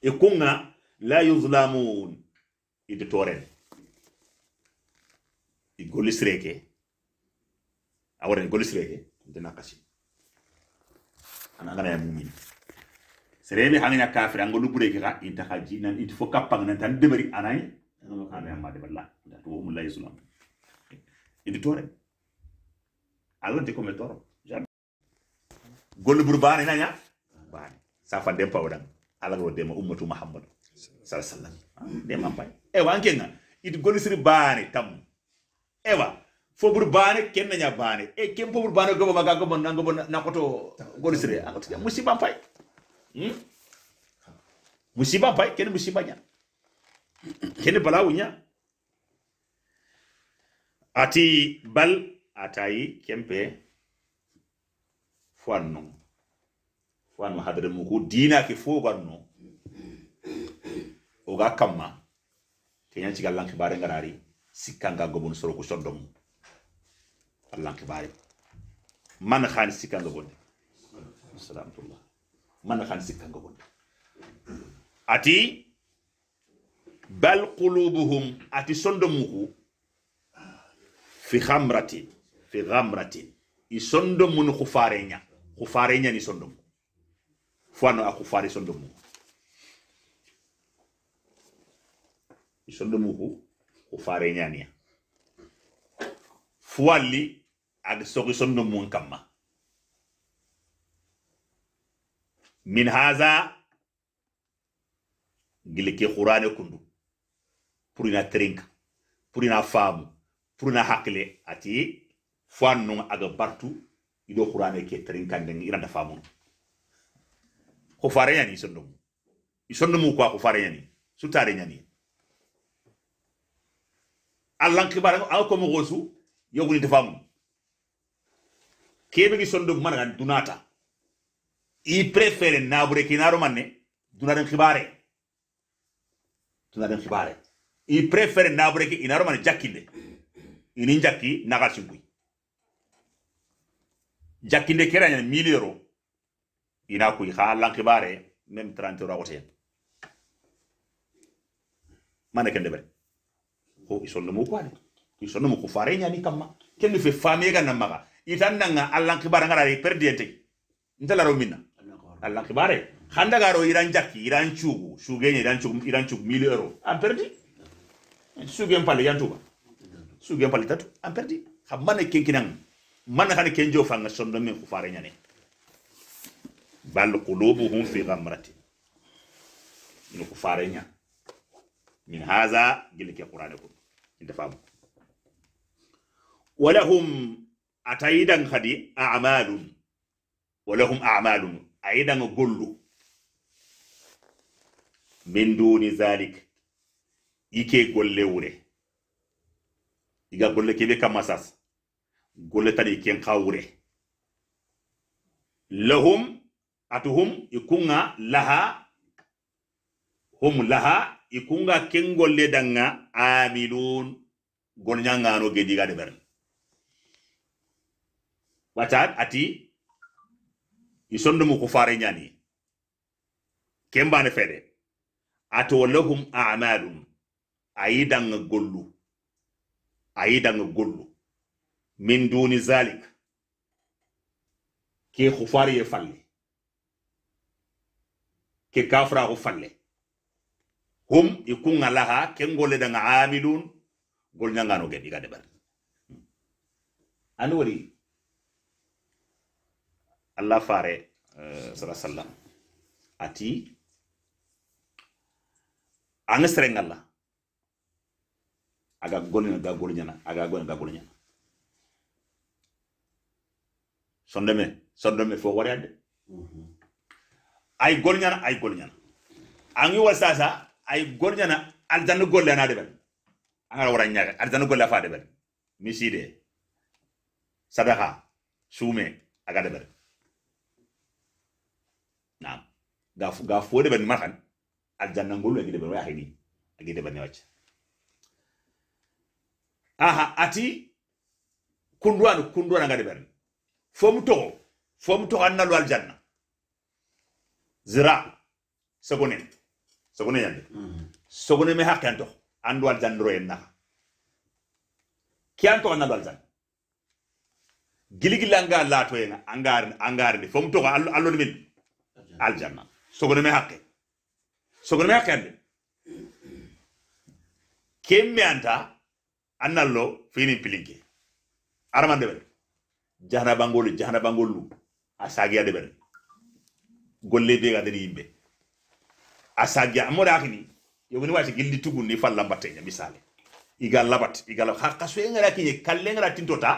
e kunga la yuzlamun ite toren i awara ni gol sireke anak kasi ya mumin serebe hanganya kafir ango lubure ke inta haji nan inta fo kapang nan tan debari anai ana ma de balla da to mu la sulam inta tore allah te come toro gol nanya bane safa dem pawdan Allah go ma ummatu muhammad sallallahu alaihi wasallam ah, dem ampay e wankenga it gol sir tam ewa fobur bane ken nanya bane e eh, ken fobur bane go maga go nan go nakoto go sire akoto musiba fay hmm musiba fay ken musiba nya ken balawunya ati bal atayi kempe fannu fannu hadare mu ko dina ke fo ganno o ga kamma kenya galan ki bare ngarari sikanga gobon soro ko soddom allanke man mana sikang go bonde man mana hani go bonde ati bal qulubuhum ati sondo fi khamratin fi ghamratin i khufarenya khufarenya ni sondo fano akhufari sondo muku i khufarenya niya fuwalli aga solution no mun kamma min haza gile ke kundu purina ina trinka pour ina faamu pour ina hakle ati fuwan non aga bartu ido kurane ke trinka ngi ina da faamu ko fare yani sondo mu isondo mu ko ko fare yani sutare yani allah kibar aw ko mo gosu yoguni tefamu kebe gi sondo managa dunata i prefere nabure kinaro manne dunaren khibare dunaren khibare i prefere nabure ki inaro manne jakkinde inin jakki naga simbui jakkinde kera nyane miliero ina kuy kha lan khibare même 30 euro agote manne kende bere ko isondo mu kwani kisono mu kufare nyani kamma kenni fe fami ga namaga itanna nga allan kibara ngara re perdiente ntala romina allan kibare khanda garo iran jakki iran chugu shuge iran chugu iran chugu 1000 euro am perdi sugen pale yantuba sugen pale tatu am perdi khabane kenkinan man khane kenjo fanga sondo men kufare nyani bal qulubuhum fi ghamrati ni kufare nya min haza gilke qur'an ko inda famu walahum atayidan hadi a'malum walahum a'malum ayidan gollu min duni zalik ike golle wure iga golle kebe kamasas golle tani ken kawure lahum atuhum ikunga laha hum laha ikunga ken golle danga amilun golnyangano gediga de berne watat ati isondumu ku fare ñani kembane fede ato lahum amalum ayi danga gollu ayi danga gollu min duni zalik ke hufari ye falle ke kafra ho falle hum ikunga laha ken golle danga amilun gol ñangano gedi ga debar hmm. anu wari allah fare uh, sala sallam ati anga sereng allah aga golina ga golina aga golina ga golina sondeme sondeme fo wariade mm -hmm. ay golina ay golina angi wasasa ay golina aljanna golle na de ben anga wara nyaga aljanna golle fa de miside sadaha sume aga de ga gaf wode ben matan al jannangol agi de ben wahidi agi de ben wacce aha ati kunduwanu kunduwana ngade ben fomu togo fomu togo annalu al janna zira sogone sogone yande mm-hmm. sogone me hakke anto andu al janna ro enna ki anto annalu al janna giligilla anga lato en angar angar ni fomu togo allo min al janna sogonome hakke sogonome hakke ande kemme anta annallo fini pilinke aramande ɓere jahana bangolu jahana bangollu a sagiyade ɓere golle bega deni yimɓe a sagiya amoɗa akini yogoni wati ni tugunni fallambatteña misale iga labat iga labat ha kasoye ngara kiñe kalle ngara tintota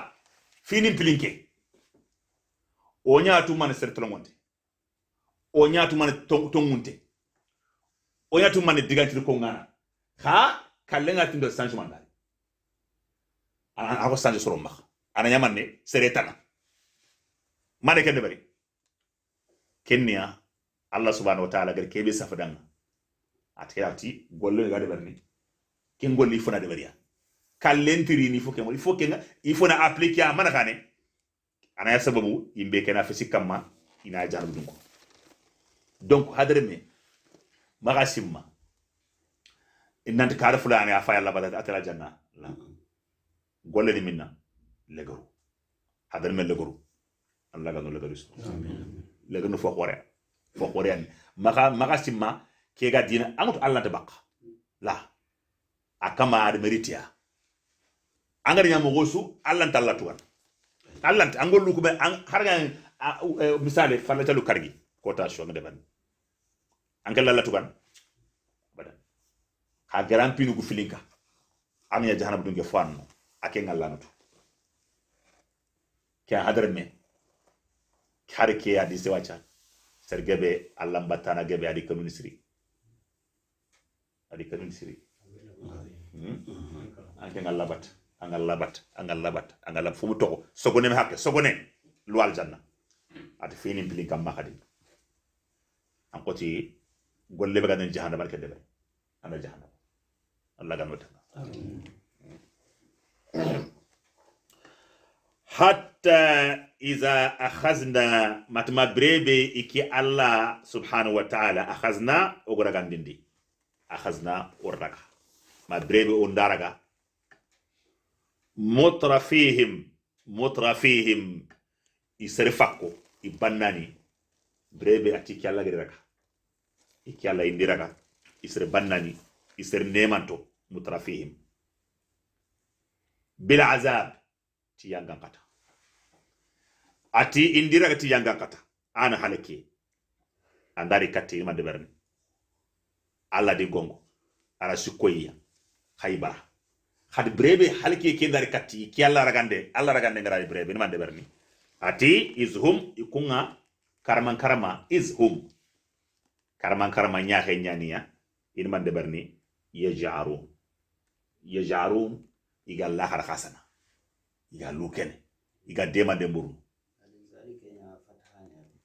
fini pilinke o ñatu mane sertolongonde o ñatumane tongunte o ñatumane digantiri kongana ha kallenga tindo sanji mandari ako sanji soro maxa ana ñamanne sere tana mane kende bari kenniya allah subhanahu wa taala gadi kebe safadanga atkeyati golle ga debarni ken golle ifona debariya kalentirini fo ke il faut kenga ifona appliquer a mana kane ya sababu imbe kena fesi kamma ina jaru dunko donc hadre me maga simma innanti kaare fulani a faya labata atala janna la golle ni minna legaru hadre me legaru allah gano legaru so legaru fo xore fo xore ani maga maga simma ke ga dina amutu allah ta bakka la akama ad meritia angara nyamo gosu allah ta allah tuwan allah ta angol lu ko an har ga e, misale falata lu kargi quotation de ban anke lalla tugan badan. ha garan gu filinka amina ya jahanam dunge fo anno ake tu ke hadar me kare ke ya adi sewaca sergebe batana gebe adi kamunisri adi kamunisri hmm? anke ngallabat angallabat bat, angallab fumu toko sogone me hakke sogone luwal janna ati fini pilinka makadi ankoti golle ba ganen jahannama aɗa kedde ɓe ana jahannama allah gano tan hatta iza akhasna matma brebe iki allah subhanahu wa taala akhasna ogoragandindi akhasna orraga ma brebe o daraga mutrafihim mutrafihim i sere fakko i bannani brebe ati allah gedi raka. ike allah indiraga isere bannani isere nemanto mutara fihim bil azab ti yangan kata ati indiraga ti yangan kata ana halake andari katti ima deɓerne allah di gongo ara sikkoyiya haybara hade brebe halke ke ndari katti ke allah ragande allah ragande ngarani brebe nima deɓerni ati ishum ikunga karaman karama ishum karaman karaman ñaaxe ya, in man de barni ya yajarum iga lahar khasana. iga lukene iga dema de mburu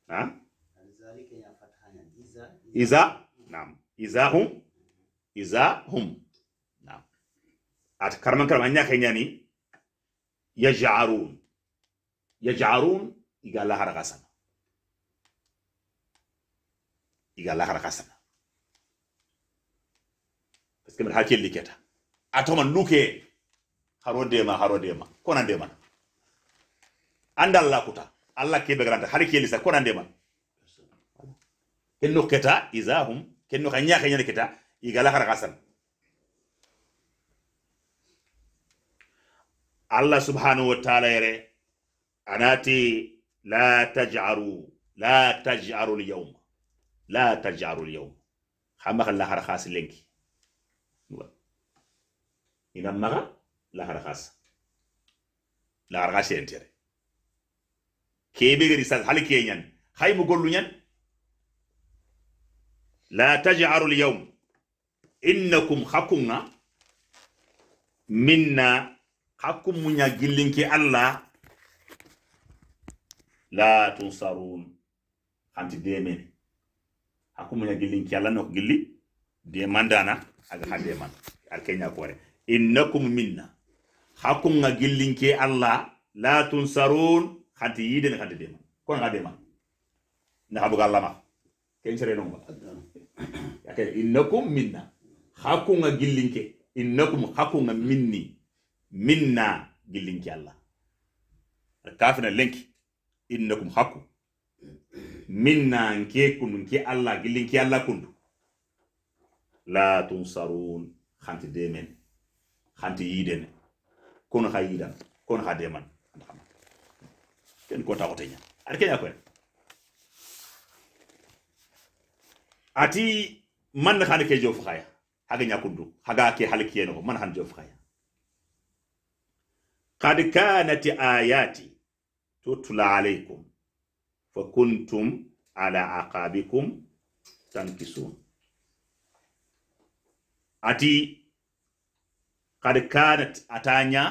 ha iza nam iza hum iza hum nam at karaman karaman ya ñani ya yajarun iga lahar khasana. iga lahara kasana parce que mbiɗa hakkilli keta a nuke haro dema haro dema kona ndeman anda allah kuta allah kebe garanta hari kelli sa kona ndeman kenno keta izahum hum kenno ka ñake keta iga lahara kasana allah subhanahu wa taala yere anati la tajaru la tajaru lyawm la tarjarul yow xama xa lahara xaasi lenki ina maxa lahara xaasa lahara xaasi entere kebe gedi sa hali ke ñan hay mu gollu ñan la taj'arul yow innakum hakunga minna hakum munya gillinki alla la tunsarun hanti demene akumuña gillin ki allah nok gilli de mandana aga ha de man al kenya kore innakum minna hakum nga gilin ki allah la tunsarun khati yiden khati de man kon kona de man na habu allah ma ken sere non ba yake innakum minna hakum nga gillin ki innakum hakum nga minni minna gillin ki allah kafina lenki innakum hakum minna nke kunu nke Allah gili nke Allah kundu la tunsarun xanti demen xanti yiden kono xa yidan kono xa deman ken ko taxote ña ar keña koy ati man xane ke jof xaya haga ñakundu haga ke halkiyenoxo man xan jof khaya qad kanat ayati tutla alaykum fa kuntum ala aqabikum tankisun ati kad kanat atanya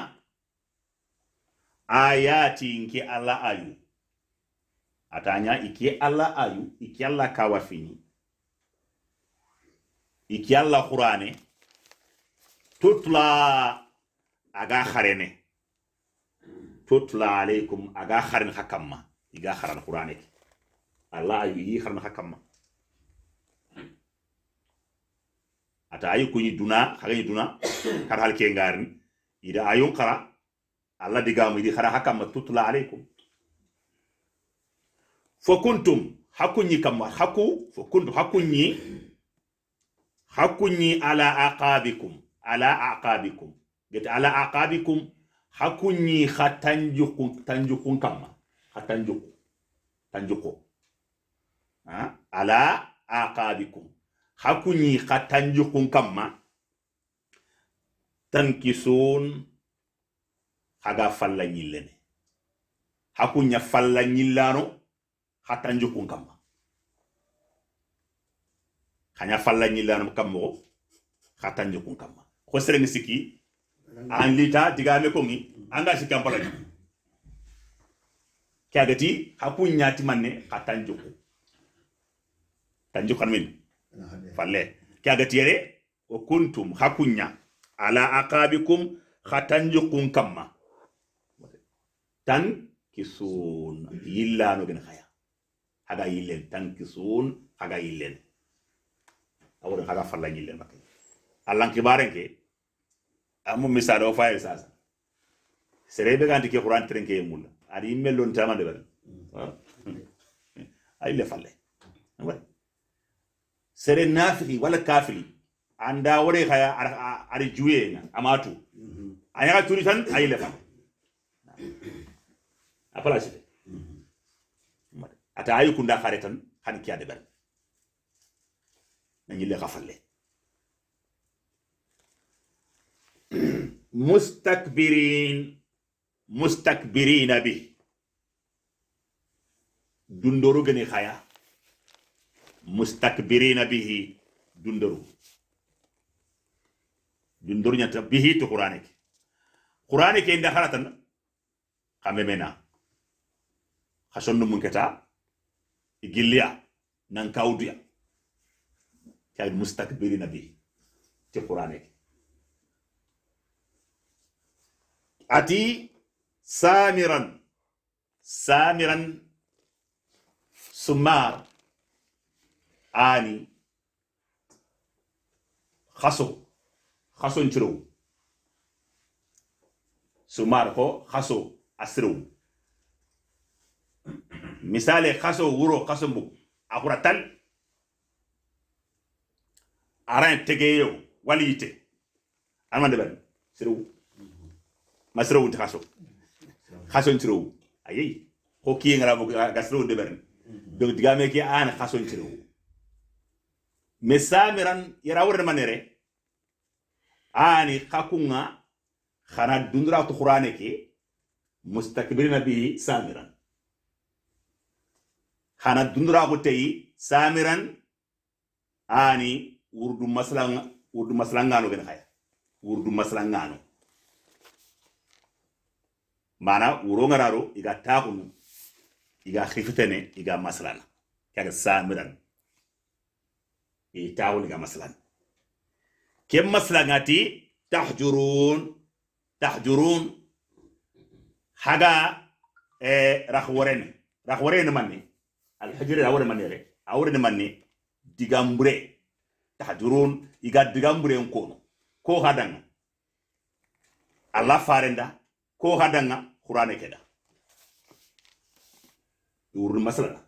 ayati nke alla ayu atanya iki alla ayu iki alla kawafini iki alla qur'ane tutla aga kharene tutla alaikum aga kharin iga haran qur'anek allah yi igi hakan ma. ata ayu kunyi duna hagani duna kar hal ke ida ayun qara allah diga mu idi hakan ma tutla alaikum kuntum hakunyi kamma haku fakuntum hakunyi hakunyi ala aqabikum ala aqabikum get ala aqabikum hakunyi khatanjukun tanjukun kamma atanjoko tanjoko ha ah, ala aqabikum hakunyi khatanjukun kamma tankisun haga falla nyillene hakunya falla nyillano khatanjukun kamma khanya falla nyillano kammo khatanjukun kamma ko sereng siki an lita digame ko ngi anga sikam balani kagati haku nyati manne xa tanjuku tanjuk min falle kagati yere o kuntum hakunya ala aqabikum xa tanjukun kamma tan kisun no gen khaya aga yillen tan kisun aga yillen awu aga falla yillen bakay allan kibarenke amu misalo o fayel sasa serebe ganti ke qur'an trenke mulla ari mellontamande ɓen le falle sere nafiki wala kafili anda wore haya ari juye na amatu aya yaha turi tan le falle apala placete ata ayu kunda hare tan han kiyade ɓen na ñille ha falle mustakbirin mustakbirina bi dundoru gani xaya mustakbirina bihi dundoru dundoru nyata bihi tu qur'ani ke qur'ani ke inda haratan kame mena xason mun keta igilia nan kawduya ya mustakbirina bihi ci qur'ani ati سامرا سامرا سمار عاني خصو خصو انترو سمار خو خصو أسرو مثال خصو ورو خصو مو أخرى تل أران تجيو وليته أنا ما دبل سرو ما سرو انت خصو khasontirewu ayeyi ho kiyengaramo gasrewu deɓerni donc digame ke an khasontirewu mais samiran yara worremanere ani khakunga khana dundura to qur'ane ke mustakbirina bihi samiran khana dundura ko tayi samiran ani urdu maslan urdu maslangano gen khaya urdu maslangano mana wuro ngararo iga taxunu iga xifitene iga maslana kaga samiran i taxun iga maslana ke maslangati tahjurun tahjurun haga e rahworen rahworen manni alhijri awore manni re awore manni digambre tahjurun iga digambure kono ko hadan alla farenda ko hadanga qur'ane keda urun masala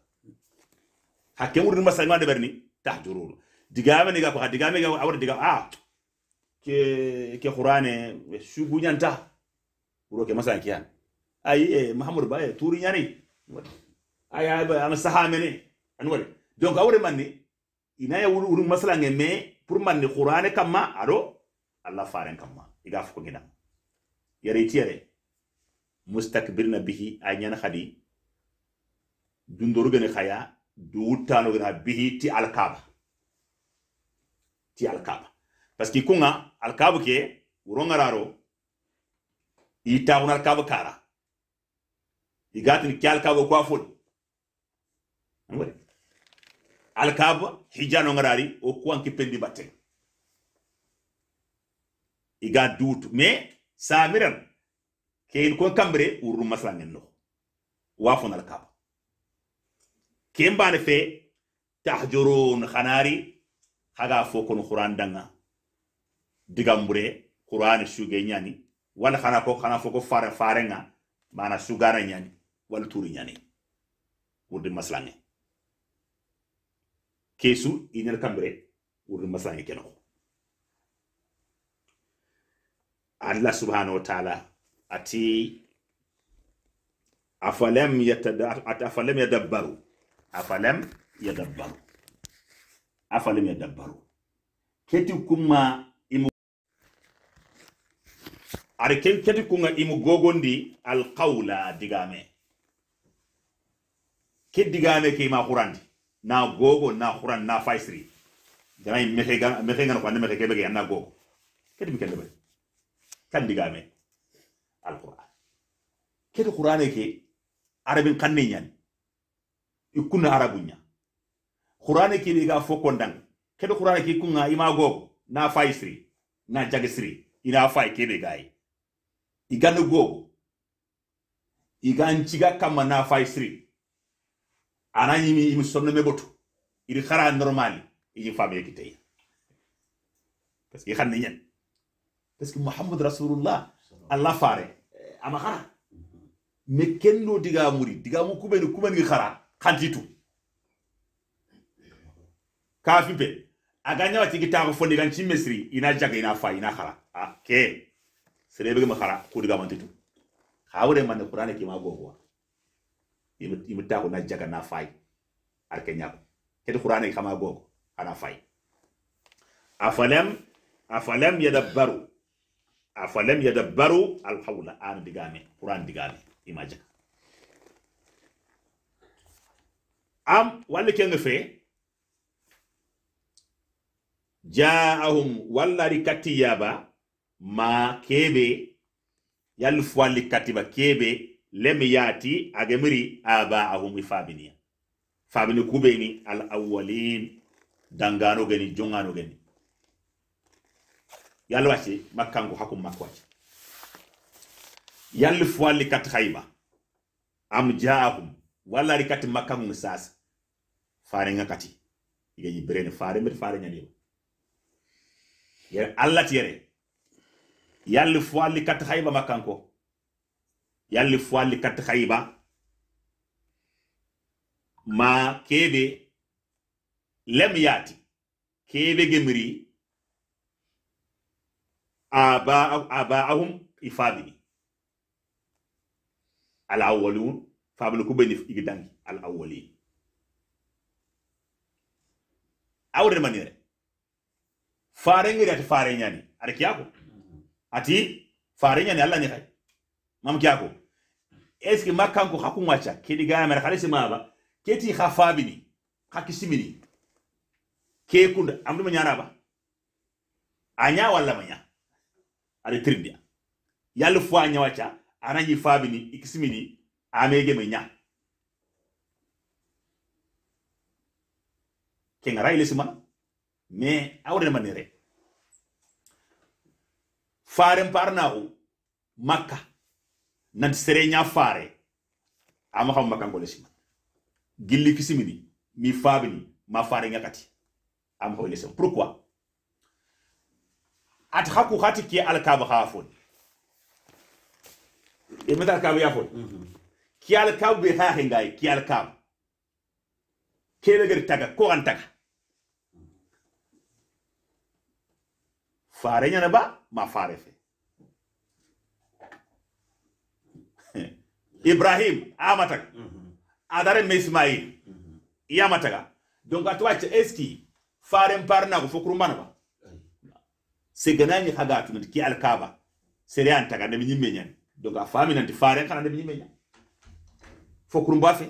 hakke urun masala berni ni ga ko ga diga ah ke ke e, e uro ke masala kiyan eh mahamud baye turi donc e manni ina ya urun masala ngeme pour manni aro allah faren iga fuko gidan yare tiyare mustakbirna bihi a ñana hadi dundoru gene haya du wuttano gena bihi ti alkaba ti alkaba parce que kunga alkaba ke wurongararo i taxun alkaba kara i gatin ke alkaba ko a fol alkaba hijano ngarari o kuwanki pendi batte iga duutu mais samiran keyin kon kambire urru masrangen no wa fonal kaba ken bane fe tahjurun khanari haga fo kono qur'an danga digambure qur'an suge nyani wala khana ko khana fo ko fare farenga mana sugara nyani wala turi nyani urdi maslange kesu inel kambire urdi maslange keno Allah subhanahu wa ta'ala ati afalam yatadabbaru yadabbaru afalam yadabbaru afalam yadabbaru keti kuma imu ari ken keti kunga imu gogondi alqawla digame ke digame ke ma qurandi na gogo na quran na faisri gana mexe gana mexe gana ko ande mexe kebe ke na gogo keti mi kende kan digame al alquran kede qur'ane ke arabin kanne ñani ikunna arabu ña qur'ane ke ɓe ga fo kondang kede qur'ane ke kunga ima gogo na fay siri na jage siri ina fay keɓe gayi igande gogo igan ciga kamma na fay siri anayimi imi sonno meɓotu iri xara normali iñi famille kiteya parce que xanne ñan parce que mouhamadou rasulullah allah fare ama xara mais ken do diga muri diga mu kubeni kubeni xara xantitu kafi be aga nyawa tigi ko fondi gan chimesri ina jaga ina fa ina xara a ke be ma xara ko diga mantitu xawre man qur'ana ki ma gogo ta ko na jaga na fay arke nyaa ke qur'ana ki ma gogo ana fay afalam afalam yadabbaru ya dabbaru alhaula an digame quran digame imagine am walla ke ngefe jaahum rikati yaba ma keɓe yallu fowalli kattiba keɓe lemi yaati agemiri abaahum i faminiya famini kuɓeni al awwalin jongano geni yalla wacce makkango hakum makko wacce yalla fuwalli kat hayba am jaahum walla ri kat makkango sasa fare nga kati igañi berene fare mbete fare ñaniba yere allah ti yere yalla fuwalli kat hayba makkanko yalla fuwalli kat hayba ma kebe lem yaati kebe gemri abaahum ifadi al awwalun fabulu kubeni igidangi al awwalin awre manire fare ngiri ati fare nyani ari kiyako ati fare nyani alla ni khay mam kiyako est ce que makanko hakunwacha kidi mer khalisi maba keti khafabini khakisimini ke kunda amdu manyara ba anya wala manya ari tirndiya yalla fo a ñawaca anañi faabini ikisimini amege me ña ke ngara ile simana mais awrene manere faren parnaxu maka nanti sere ña faare ama xam makka ngole siman gilli kisimini mi faabini ma faare ñakati ama xo ile sim pourquoi ati haku hati ke alkabu hafun e mata ya yafun ki alkabu be ha hingai ki alkabu kebe gari taga ko an taga fare nyana ba ma fare fe ibrahim amataga adare me ismail yamataga donc atuwace eski fukuru mana ba. seganani haga nanti ki alkaba sere an taga ndemi nyimme nyani donc a fami nanti fare kana ndemi nyimme nyani fokurum bafe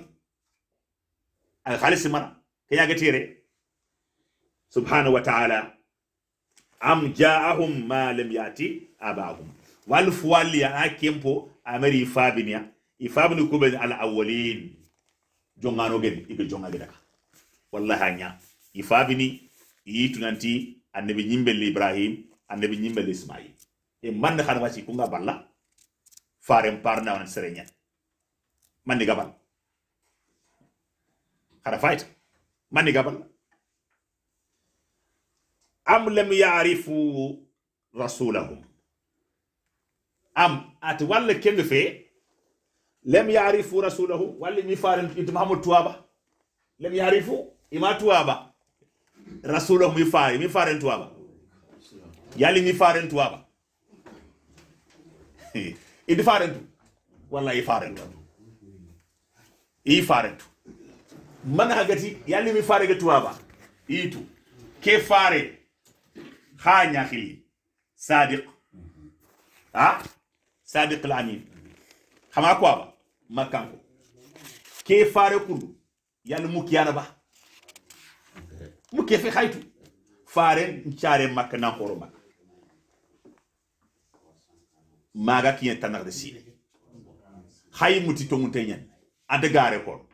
al khalis mara ke kaya gatire subhanahu wa ta'ala am ja'ahum ma lam yati abahum wal fuwal ya akempo amari fabinya ifabnu kubal al awwalin jongano gedi ibe jonga gedaka wallahi nya ifabini yitunanti annabi nyimbe ibrahim annabi ñimmel ismaïl e manne xana ku nga balla faren parna on serenya manni gabal xara fayta manni gabal am lam ya'rifu rasulahum am at walla kenge fe lam ya'rifu rasulahu walla mi faren it mahamud tuwaba lam ya'rifu ima tuwaba rasulahum mi fare mi faren tuwaba yali ni farentu waba idi farentu walla i farentu i farentu man hagati yali mi farege tuwaba itu ke fare ha ñahili sadiq ha sadiq lamin xama kuwaba makkanko ke fare kundu yalla mukkiyana ba mukke fe haytu faare ncare makka nankoro horo maga kiyen tanar de sine hay muti to mun tenyen ade gare ko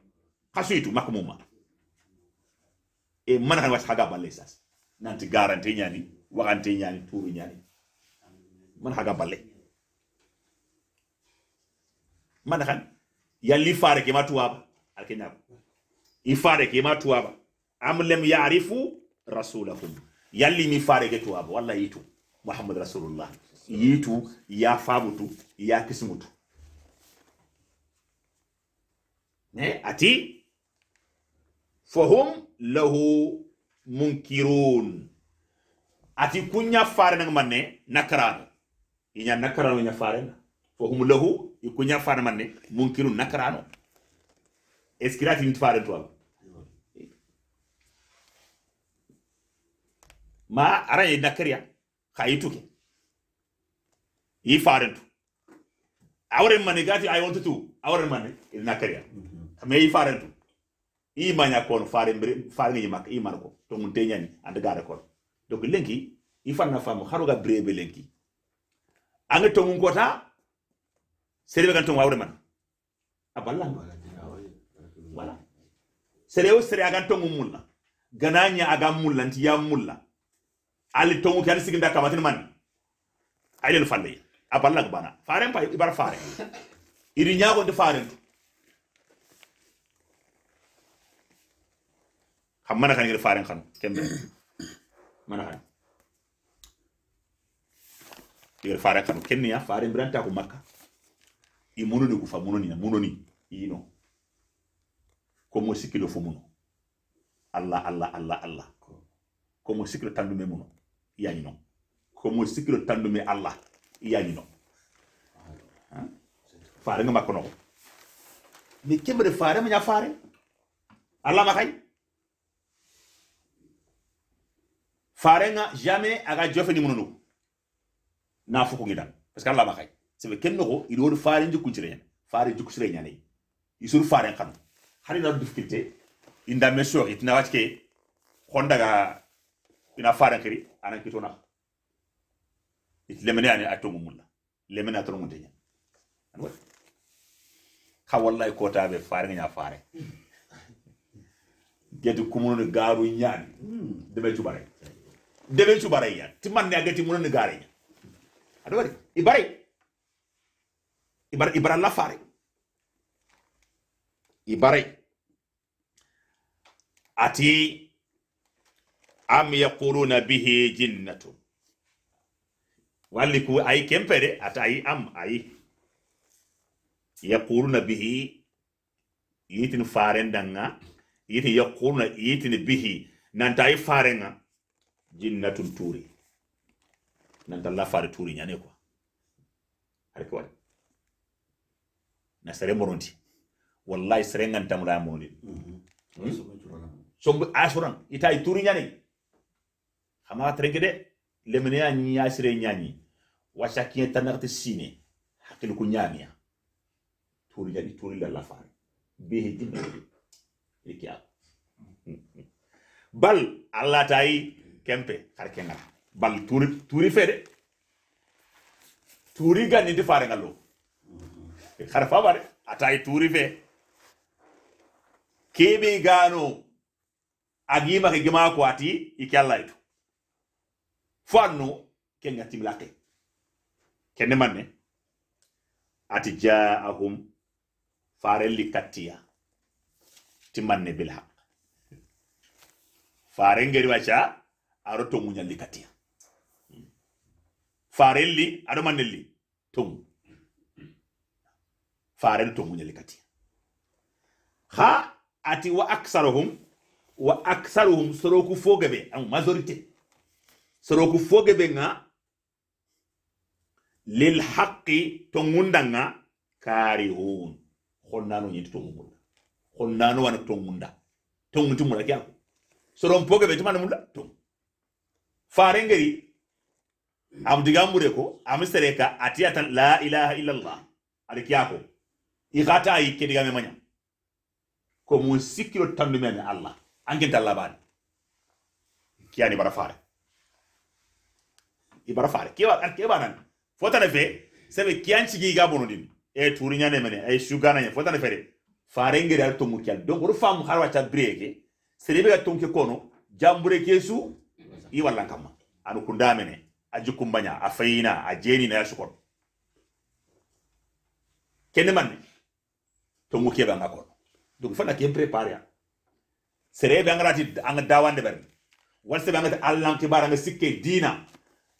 kasuitu makumuma e man kan wasa haga balle sas nanti garante nyani waxante nyani turu nyani man haga balle man kan yalli fare ke matuwa alkenya i fare ke matuwa ba am lam ya'rifu rasulahum yalli mi fare ke tuwa wallahi tu muhammad rasulullah yitu ya fabutu ya kismutu ne ati fahum lahu munkirun ati kunya fare nang manne nakarano inya nakarano nya fare na fahum lahu ikunya fare manne munkirun nakarano eskirati nit fare to ma aranye nakariya khayituke ಈ foreign mani ina karya ಐ ಒಂದು ತೂ ಅವರ ಮನೆ ಇದು ನಕರಿಯ ಮೇ ಈ ಫಾರೆನ್ ಈ ಮನೆ ಹಾಕೋನು ಫಾರೆನ್ ಬರಿ ಫಾರೆನ್ ಈ ಮಕ್ಕ ಈ ಮನಕೋ ತೊಗೊಂಡು ತೇಂಜಾನಿ ಅಂತ ಗಾರ ಕೋನು donc lenki i fanna faamu haroga brebe lenki anga tongun kota serebe gan tongu awre man a balla wala serewo sere agan tongu mulla gananya aga mulla nti ya mulla ali tongu a ballag bana faren pa ibar fare iri ñagonde faren tu xam mana kan ngir faren xanu kembe mana kan ngir faren xanu kenni ya faren biranta ko makka i munoni ku fa munoni na munoni ino komo sikilo fo muno allah allah allah allah komo sikilo tandu tandume muno yani non komo sikilo tandu me allah iyañino fare nga makko noko mi kembre fare ma ña fare alla ma kay fare nga jamais aga jofe ni mununu na fuko ngidan parce que alla ma kay sebe ken noko ido do fare njukku ci reñan fare jukku ci reñan kan hari na difficulté inda me sori tina wacce ko ndaga ina fare kiri anan kitona lemene ani atongu mulla lemene atongu tenya anwa ka wallahi ko ta be fare nya fare gedu kumuno garu nyaani debe chubare debe bare ya timan ne agati ni gare nya adwa ibare ibare ibara la fare ibare ati am yaquluna bihi jinnatun walli ku ayi kempede ata ayi am ayi yaquluna bihi yitin faren danga yitin yaquluna yitin bihi nanta ayi farenga jinnatun turi nanta la fare turi nyane ko wal na sare moronti wallahi sare nganta mura hmm? sombu asuran ah, turi nyane xama lemene ya wacha kien tanarte sine hakil ku nyamia turi jadi turi la lafari behe dinna liki ak bal alla tayi kempe har kenga bal turi turi fede turi gani di fare ngalo e, har fa bare atayi turi fe kebe gano agima ke gima ko ati ikallaitu fanno kenga timlake kene manne ati jaahum farelli kattiya ti bil haq fare ngeri waca aro tongu ñalli kattiya farelli aɗo mannelli tongu faren tongu ñalli kattiya ha ati wa aksaruhum wa aksaruhum soroku fogebe am majorité soroku fogebe nga lil haqqi to ngundanga karihun khonnano nyinti to ngunda khonnano wana to ngunda to ngundi mura kya soro mpoke be tumana munda to farengeri am digambure ko am sereka atiyata la ilaha illa allah alikiyako igata yi kedigame manya ko mun sikiro tandume me allah angenta allah bani kiyani bara fare ibara fare kewa kewa nan fotana fe sebe kianchi gi ga bonodin e turi nyane mene e shugana nya fotana fe de farengere al to murkial donc ro famu harwa ta breke be ga tonke kono jambure kesu i wallan kamma anu kundamene aji kumbanya a fayina a jeni na yasukon kene man to muke banga kono donc fana ke prepare serebe angrati an dawande berne walse banga allan ke baranga sikke dina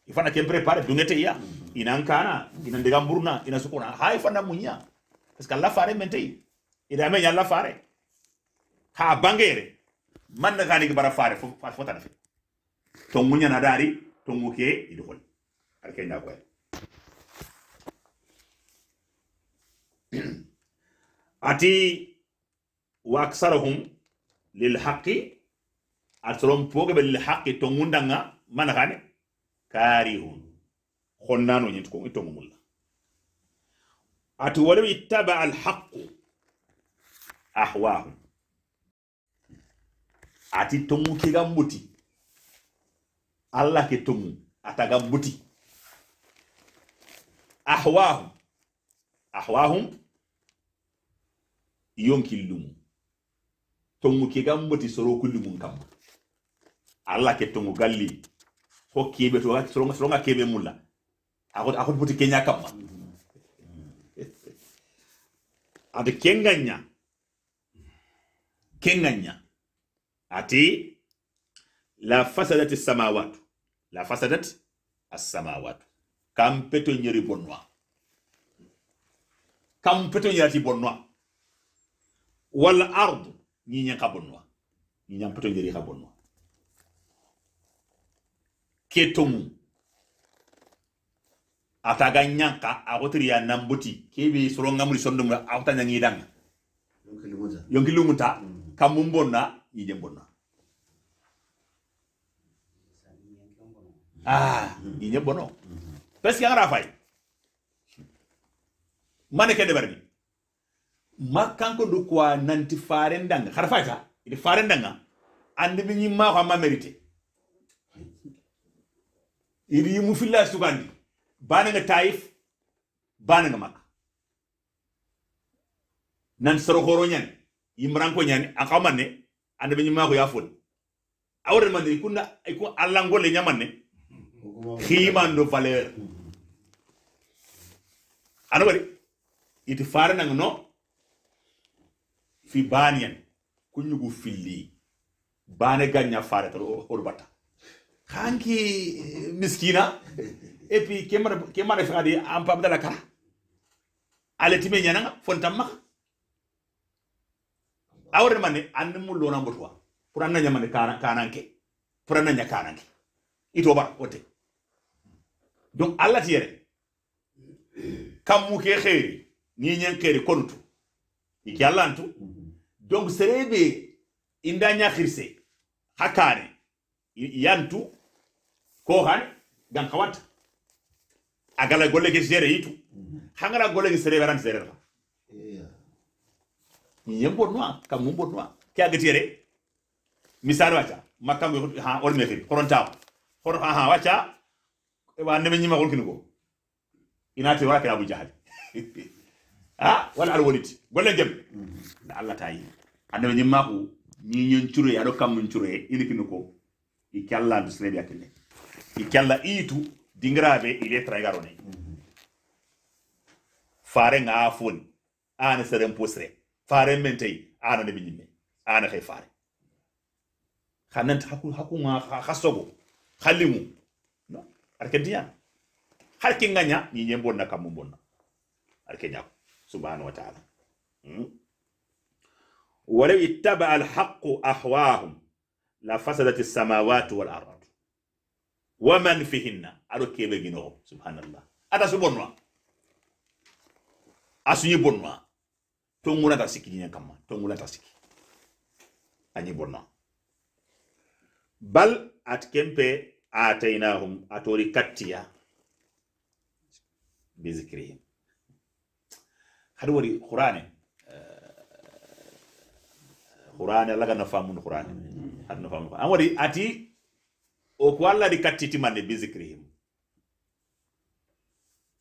ifana ken prépare dungete ya ina nkana ina daga murna ina sukuna ha ifana munya parce que la fare mente ida y'a la fare ha bangere man na gani bara fare fo fo ta fi to munya na dari to muke idhol alkay na ko ati wa aksarhum lil haqi atrom poge lil haqi to mundanga man gani karihun honnano ñinti ko ittomo mulla ati walaw ittaba alhaqu ahwahum ati tomu kiga mbuti allah ke tomu ataga mbuti ahwahum ahwahum yonkillumu tomu kiga mbuti soro kullumun kamma allah ke tomu galli ho kebe to wakati soronga soronga kebe mulla akot akot buti kenya kamma ade kenganya kenganya ati la fasadat as-samawat la fasadat as-samawat kam peto nyeri bonwa kam peto nyati bonwa wal ardu nyinya kabonwa nyinya peto nyeri kabonwa ke tongu ataga nyanka agotiri ya nambuti kebe soronga muri sondum agota nyangi danga yonki lunguta mm. kamumbona ije mbona ah mm-hmm. ije bono mm-hmm. parce que ngara mane kede barbi makanko du kwa nanti farendanga harfaita ile farendanga andi binyi ma ma iri mu filla sugandi bana nga taif bana nga maka nan soro horo nyani imran ko a nyani akamanne ande benyi mako yafon awre man ikuna ikun allango le nyamanne khiman do valeur ano wari iti fare nang no fi banyan kunyugu filli bane ganya fare to urbata hanki eh, miskina et puis kemara kemara fadi am pam dala kara ale timi nyana fontam ma awre mane mu lona mbotwa purana nyamane kana kananke purana nyakananke ito ba ote donc alla tiere kamu ke khere ni nyen kere kontu iki allantu mhm. donc serebe indanya khirse hakare yantu ko han gan kawanta agala golle ke sere itu hangara golle ke sere baran sere ka yembo noa ka mumbo noa ke agatiere misalo acha makango ha ol mefir koronta hor ha ha wacha e wa neme nyima gol kinugo inati wa ke abu jahal ha wal al walid golle gem da mm-hmm. allah tayi annabi nyima ko ni nyen chure ya do kam mun chure ini i kella ndu sere biya kelle i kella itu dingirabe ile tra igaro ne fare nga fon ana sere mposre fare mentei ana ne binime ana kay fare khanan ta hakku hakku nga khasogo khalimu no arkendiyan har kin ganya ni nyembo na kamumbona arkenya subhanahu wa ta'ala ولو اتبع الحق أهواهم la fasadati samawati wal ard wa man fihinna aɗo keɓe ginoxo subhanallah ata su bonnoa a suñi bonnoa tongunata sikki ñiñen kamma tongunata sikki añi bonnoa bal at kempe atainahum atori kattiya bizikrihim haɗa wari qur'ane qur'ani alla na famun qur'ani adna famun an wari ati o ko alla di katiti manne bi zikrihim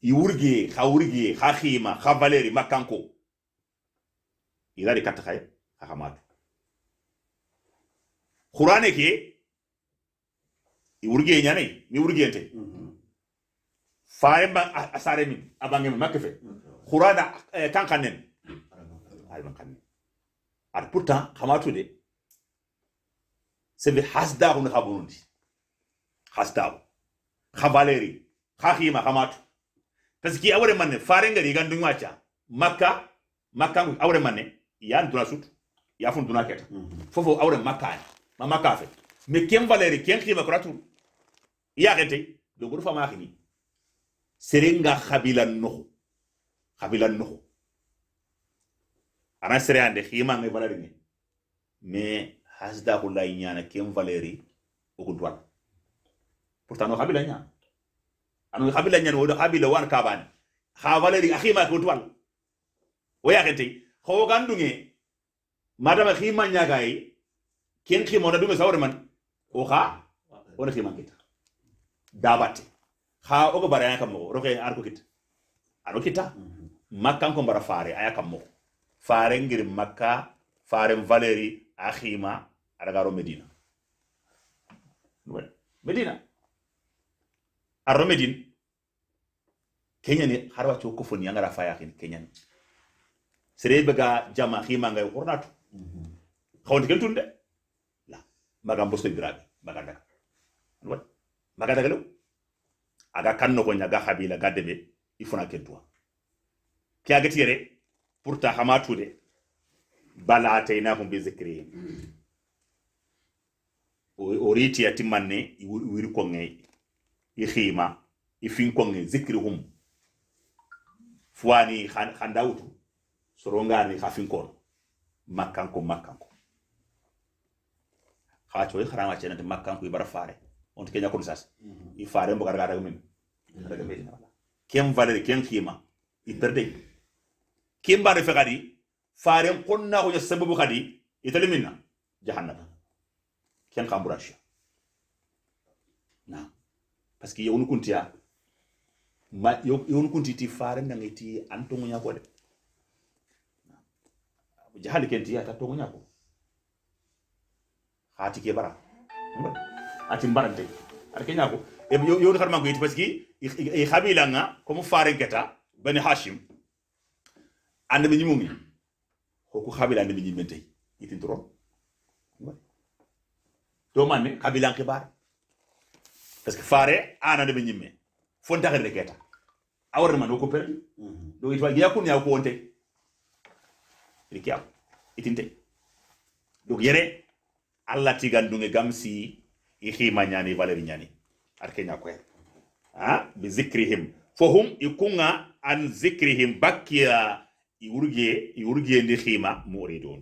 i wurgi xa khakhima xa xima xa makanko ila di katta xaye xa xamatu qur'ane ke i wurgi ñanay mi wurgi ente e faare asare min abange min makke fe mm-hmm. qur'ana eh, kan kanen ay kanen ati pourtant de sembe hasdaxu ni xabunundi hasdaxu xa valeri xa xima xamatu parce que awre manne farengari gandu wacha makka makka awre manne yan duna sut ya fun duna keta mhm. fofo awre makka ma makka fe me ken valeri ken xima kuratu ya gete do guru fama xini serenga khabila noxo khabila noxo ana sere ande xima ngai valeur ni mais hasda ko lay nyana kem valeri o ko dwal pourtant no habila nyana anu habila nyana wodo habila wan kabani ha valeri akhima ko dwal o ya kete ko gandunge madama xima nyagai ken ximo na dume sawre man o ha o xima kita dabate ha o ko baraya kam mo roke arko kita aro kita mhm. makkan ko bara fare aya kam mo faren ngir makka faren valeri a xima adagaro medina medina arro medine keñani har wacco kofoni angara fayaxin keñani sere bega jama ximangay xurnatu xawndi mhm. ken tun de la maga mbosko biraɓe maga daga maga daga lew aga kan noxoñ aga xabila ga deɓe i fona ken tuwa ke agati yere pourta hama tude bal atainahum bi zikrihim o riti yatimanne wiri konge i khima i fin konge zikrihum fuwani handa wutu sorongani ha fin kono makkanko khacho ha kharama harama cenante makkanko ibara fare on kenya kon sas mhm. i fare mboga daga daga min mhm. kem valeur kem khima i perdei kimbare fe kadi faren konna ko sababu kadi itali minna jahannam ken kamburasha na parce que yewnu kuntiya ma yewnu kunti ti faren danga ti antongo nyako de jahali kenti ya tatongo nyako hati ke bara ati mbarante ar ke nyako e yewnu ko yiti parce que i khabila nga comme faren keta bani hashim ande mi ñimungi hoku kabila ande mi ñimmen tey itin toron to manne kabila ke bar parce que fare ana de ñimme fon taxere keta awar man ko perdi mhm. do itwa giya kun ya ko onte rikiya itin tey donc yere alla tigandunge gamsi ihima ñani valeri ñani ar keña koye a ah, bi zicrihim fohum hum i kunga an zicrihim bakkiya يورجي يورجي اللي خيمة موريدون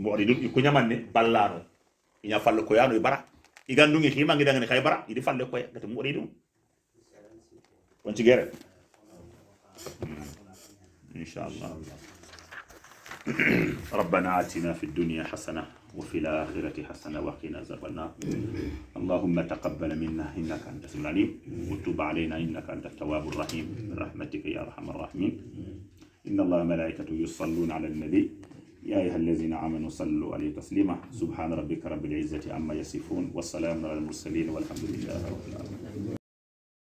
موريدون يكون يمان بالارو إن يفعل كويانو يبرا إذا نعى خيمة إذا نعى خيبرا إذا فعل كويا كت موريدون وانت غير إن شاء الله ربنا آتنا في الدنيا حسنة وفي الآخرة حسنة وقنا عذاب النار اللهم تقبل منا إنك أنت السميع العليم وتب علينا إنك أنت التواب الرحيم برحمتك يا أرحم الراحمين إن الله وملائكته يصلون على النبي يا أيها الذين آمنوا صلوا عليه تسليما سبحان ربك رب العزة عما يصفون والسلام على المرسلين والحمد لله رب العالمين